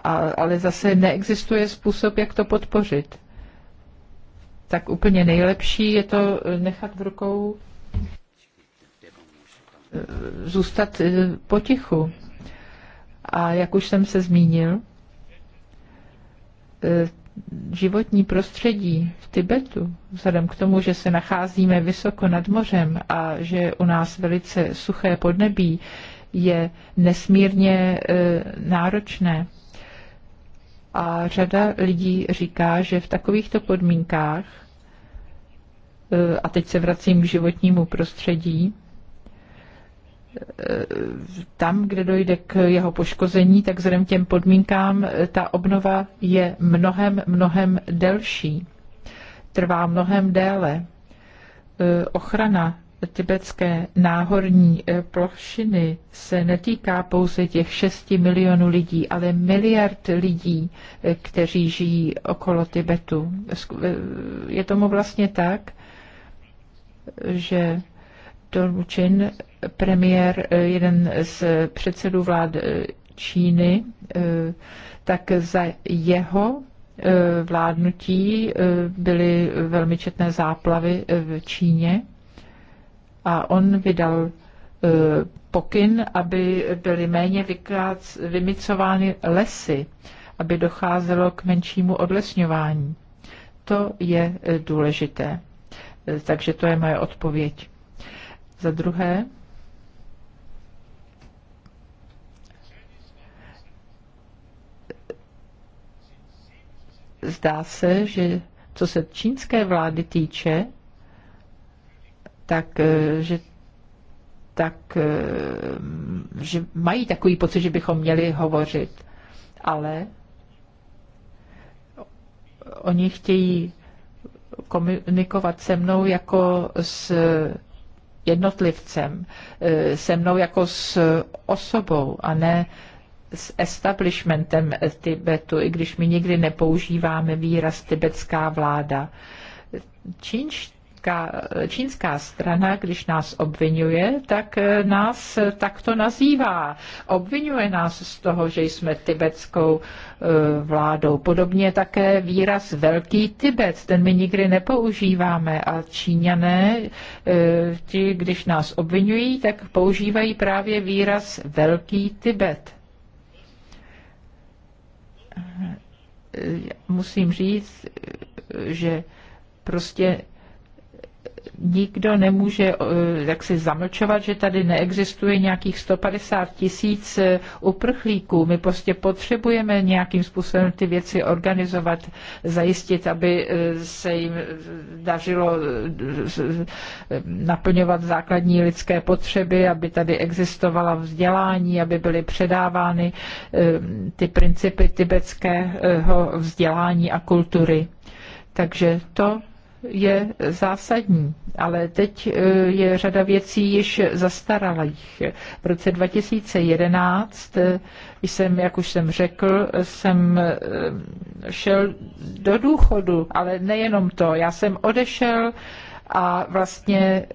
A, ale zase neexistuje způsob, jak to podpořit. Tak úplně nejlepší je to nechat v rukou zůstat potichu. A jak už jsem se zmínil, životní prostředí v Tibetu, vzhledem k tomu, že se nacházíme vysoko nad mořem a že u nás velice suché podnebí, je nesmírně e, náročné. A řada lidí říká, že v takovýchto podmínkách, e, a teď se vracím k životnímu prostředí, E, tam, kde dojde k jeho poškození, tak vzhledem těm podmínkám e, ta obnova je mnohem, mnohem delší. Trvá mnohem déle. E, ochrana tibetské náhorní plošiny se netýká pouze těch 6 milionů lidí, ale miliard lidí, kteří žijí okolo Tibetu. Je tomu vlastně tak, že Dolmučin, premiér, eh, jeden z předsedů vlád eh, Číny, eh, tak za jeho vládnutí byly velmi četné záplavy v Číně a on vydal pokyn, aby byly méně vykác, vymicovány lesy, aby docházelo k menšímu odlesňování. To je důležité. Takže to je moje odpověď. Za druhé, zdá se, že co se čínské vlády týče, tak, eh, že tak, eh, že mají takový pocit, že bychom měli hovořit. Ale oni chtějí komunikovat se mnou jako s jednotlivcem, eh, se mnou jako s osobou a ne s establishmentem Tibetu, i když my nikdy nepoužíváme výraz tibetská vláda. Čínští čínská, čínská strana, když nás obvinuje, tak eh, nás eh, takto nazývá. Obvinuje nás z toho, že jsme tibetskou eh, vládou. Podobně také výraz Velký Tibet, ten my nikdy nepoužíváme a Číňané, ti, když nás obvinují, tak používají právě výraz Velký Tibet musím říct, že prostě nikdo nemůže eh, jak si zamlčovat, že tady neexistuje nějakých 150 tisíc eh, uprchlíků. My prostě potřebujeme nějakým způsobem ty věci organizovat, zajistit, aby eh, se jim dařilo naplňovat základní lidské potřeby, aby tady existovala vzdělání, aby byly předávány ty principy tibetského vzdělání a kultury. Takže to je zásadní, ale teď e, je řada věcí již zastaralých. V roce 2011 e, jsem, jak už jsem řekl, jsem e, šel do důchodu, ale nejenom to. Já jsem odešel a vlastně eh,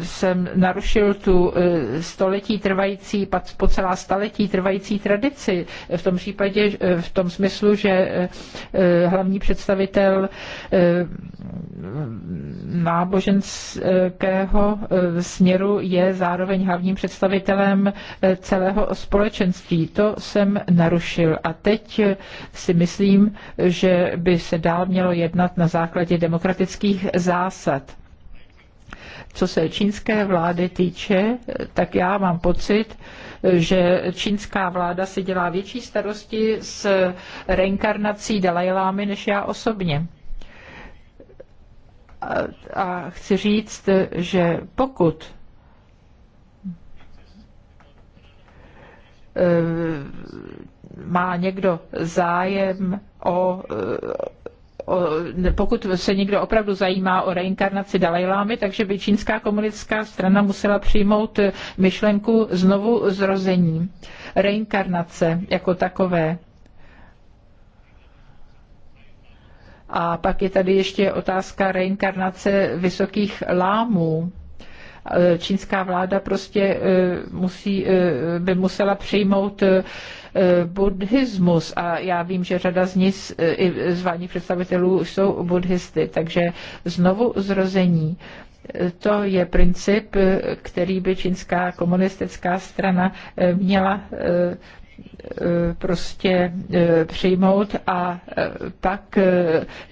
jsem narušil tu eh, století trvající, po celá staletí trvající tradici v tom případě, eh, v tom smyslu, že hlavní představitel náboženského směru je zároveň hlavním představitelem celého společenství. To jsem narušil a teď si myslím, že by se dál mělo jednat na základě demokratických zásad zásad. Co se čínské vlády týče, tak já mám pocit, že čínská vláda si dělá větší starosti s reinkarnací Dalajlámy než já osobně. A chci říct, že pokud eh, má někdo zájem o pokud se někdo opravdu zajímá o reinkarnaci Dalajlámy, takže by čínská komunistická strana musela přijmout myšlenku znovu zrození, reinkarnace jako takové. A pak je tady ještě otázka reinkarnace vysokých lámů e, čínská vláda prostě e, musí, e, by musela přijmout buddhismus a já vím, že řada z nich, i zvaní představitelů, jsou buddhisty, takže znovu zrození. To je princip, který by čínská komunistická strana měla eh, Eh, prostě eh, přijmout. A eh, pak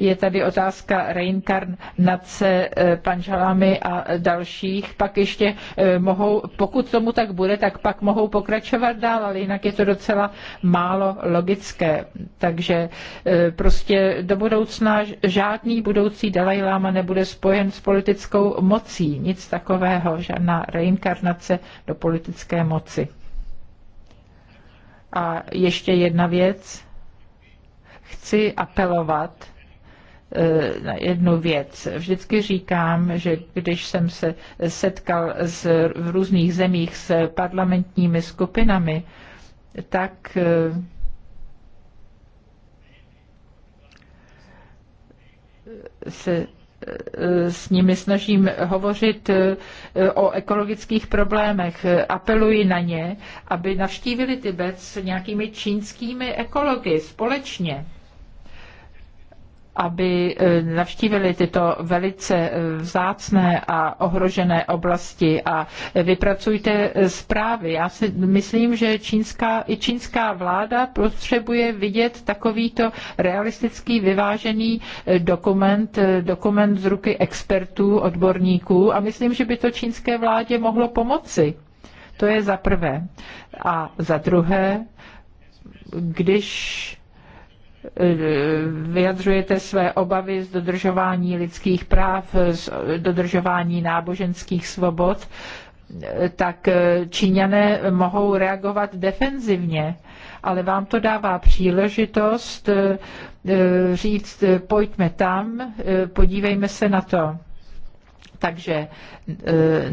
je tady otázka reinkarnace panžalami a dalších. Pak ještě mohou, pokud tomu tak bude, tak pak mohou pokračovat dál, ale jinak je to docela málo logické. Takže prostě do budoucna žádný budoucí Dalaj Lama nebude spojen s politickou mocí. Nic takového, žádná reinkarnace do politické moci. A ještě jedna věc. Chci apelovat eh, na jednu věc. Vždycky říkám, že když jsem se setkal s, v různých zemích s parlamentními skupinami, tak eh, se s nimi snažím hovořit e, o ekologických problémech. Apeluji na ně, aby navštívili Tibet s nějakými čínskými ekology společně aby e, navštívili tyto velice e, vzácné a ohrožené oblasti a vypracujte e, zprávy. Já si myslím, že čínská, i čínská vláda potřebuje vidět takovýto realistický, vyvážený dokument, dokument z ruky expertů, odborníků a myslím, že by to čínské vládě mohlo pomoci. To je za prvé. A za druhé, když Eh, vyjadřujete své obavy z dodržování lidských práv, z dodržování náboženských svobod, eh, tak eh, Číňané mohou reagovat defenzivně, ale vám to dává příležitost říct, pojďme tam, podívejme se na to. Takže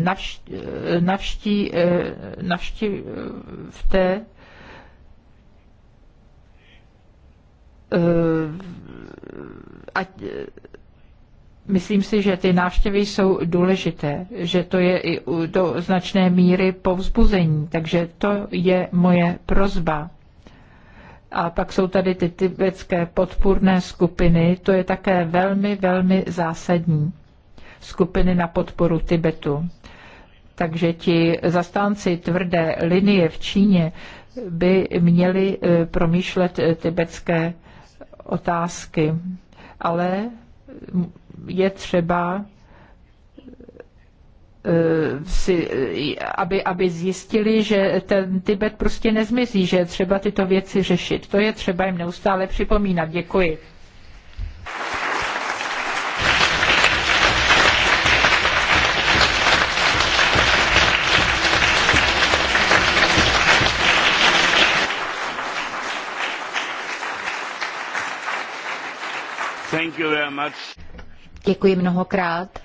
navští, navští, navštívte Eh, ať, eh, myslím si, že ty návštěvy jsou důležité, že to je i do značné míry povzbuzení, takže to je moje prozba. A pak jsou tady ty tibetské podpůrné skupiny, to je také velmi, velmi zásadní. Skupiny na podporu Tibetu. Takže ti zastánci tvrdé linie v Číně by měli eh, promýšlet tibetské otázky, ale je třeba eh, si, eh, aby, aby zjistili, že ten Tibet prostě nezmizí, že je třeba tyto věci řešit. To je třeba jim neustále připomínat. Děkuji. Děkuji mnohokrát.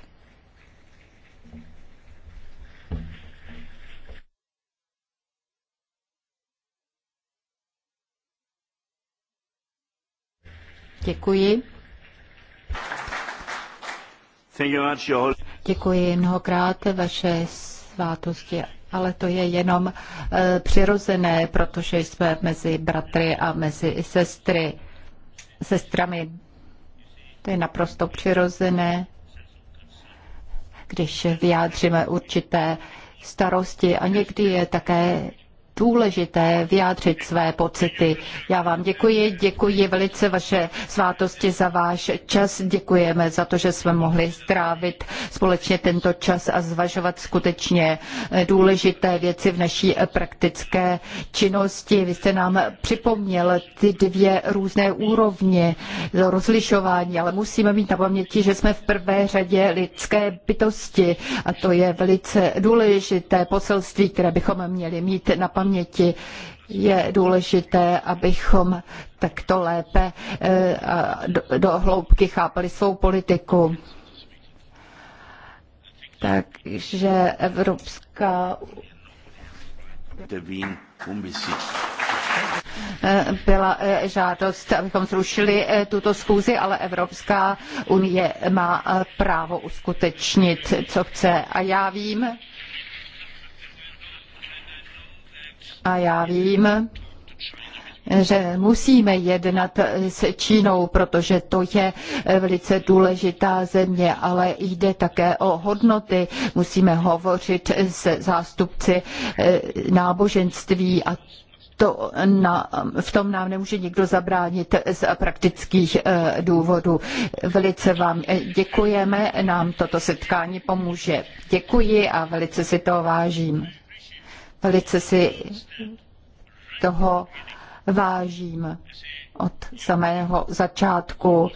Děkuji. Děkuji mnohokrát vaše svátosti, ale to je jenom eh, přirozené, protože jsme mezi bratry a mezi sestry, sestrami. To je naprosto přirozené, když vyjádříme určité starosti a někdy je také důležité vyjádřit své pocity. Já vám děkuji, děkuji velice vaše svátosti za váš čas, děkujeme za to, že jsme mohli strávit společně tento čas a zvažovat skutečně důležité věci v naší praktické činnosti. Vy jste nám připomněl ty dvě různé úrovně rozlišování, ale musíme mít na paměti, že jsme v prvé řadě lidské bytosti a to je velice důležité poselství, které bychom měli mít na paměti paměti. Je důležité, abychom takto lépe eh, do hloubky chápali svou politiku. Takže Evropská eh, byla eh, žádost, abychom zrušili tuto schůzi, ale Evropská unie má právo uskutečnit, co chce. A já vím, A já vím, že musíme jednat s Čínou, protože to je velice důležitá země, ale jde také o hodnoty. Musíme hovořit se zástupci eh, náboženství a to na, v tom nám nemůže nikdo zabránit z praktických eh, důvodů. Velice vám eh, děkujeme, nám toto setkání pomůže. Děkuji a velice si to vážím. Velice si toho vážím od samého začátku.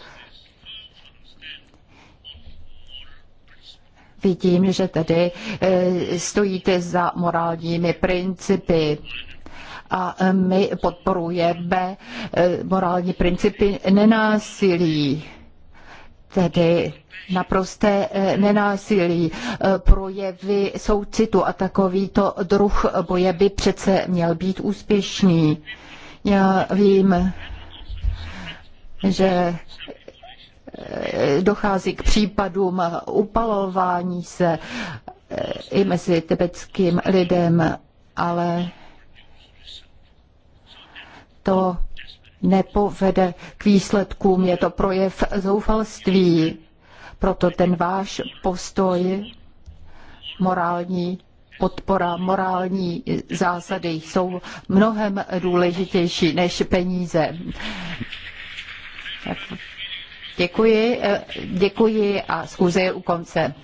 Vidím, že tedy eh, stojíte za morálními principy a my podporujeme eh, morální principy nenásilí tedy naprosté eh, nenásilí, eh, projevy soucitu a takovýto druh boje by přece měl být úspěšný. Já vím, že eh, dochází k případům upalování se i mezi tibetským lidem, ale to nepovede k výsledkům. Je to projev zoufalství. Proto ten váš postoj, morální podpora, morální zásady jsou mnohem důležitější než peníze. Děkuji, eh, děkuji a schůze je u konce.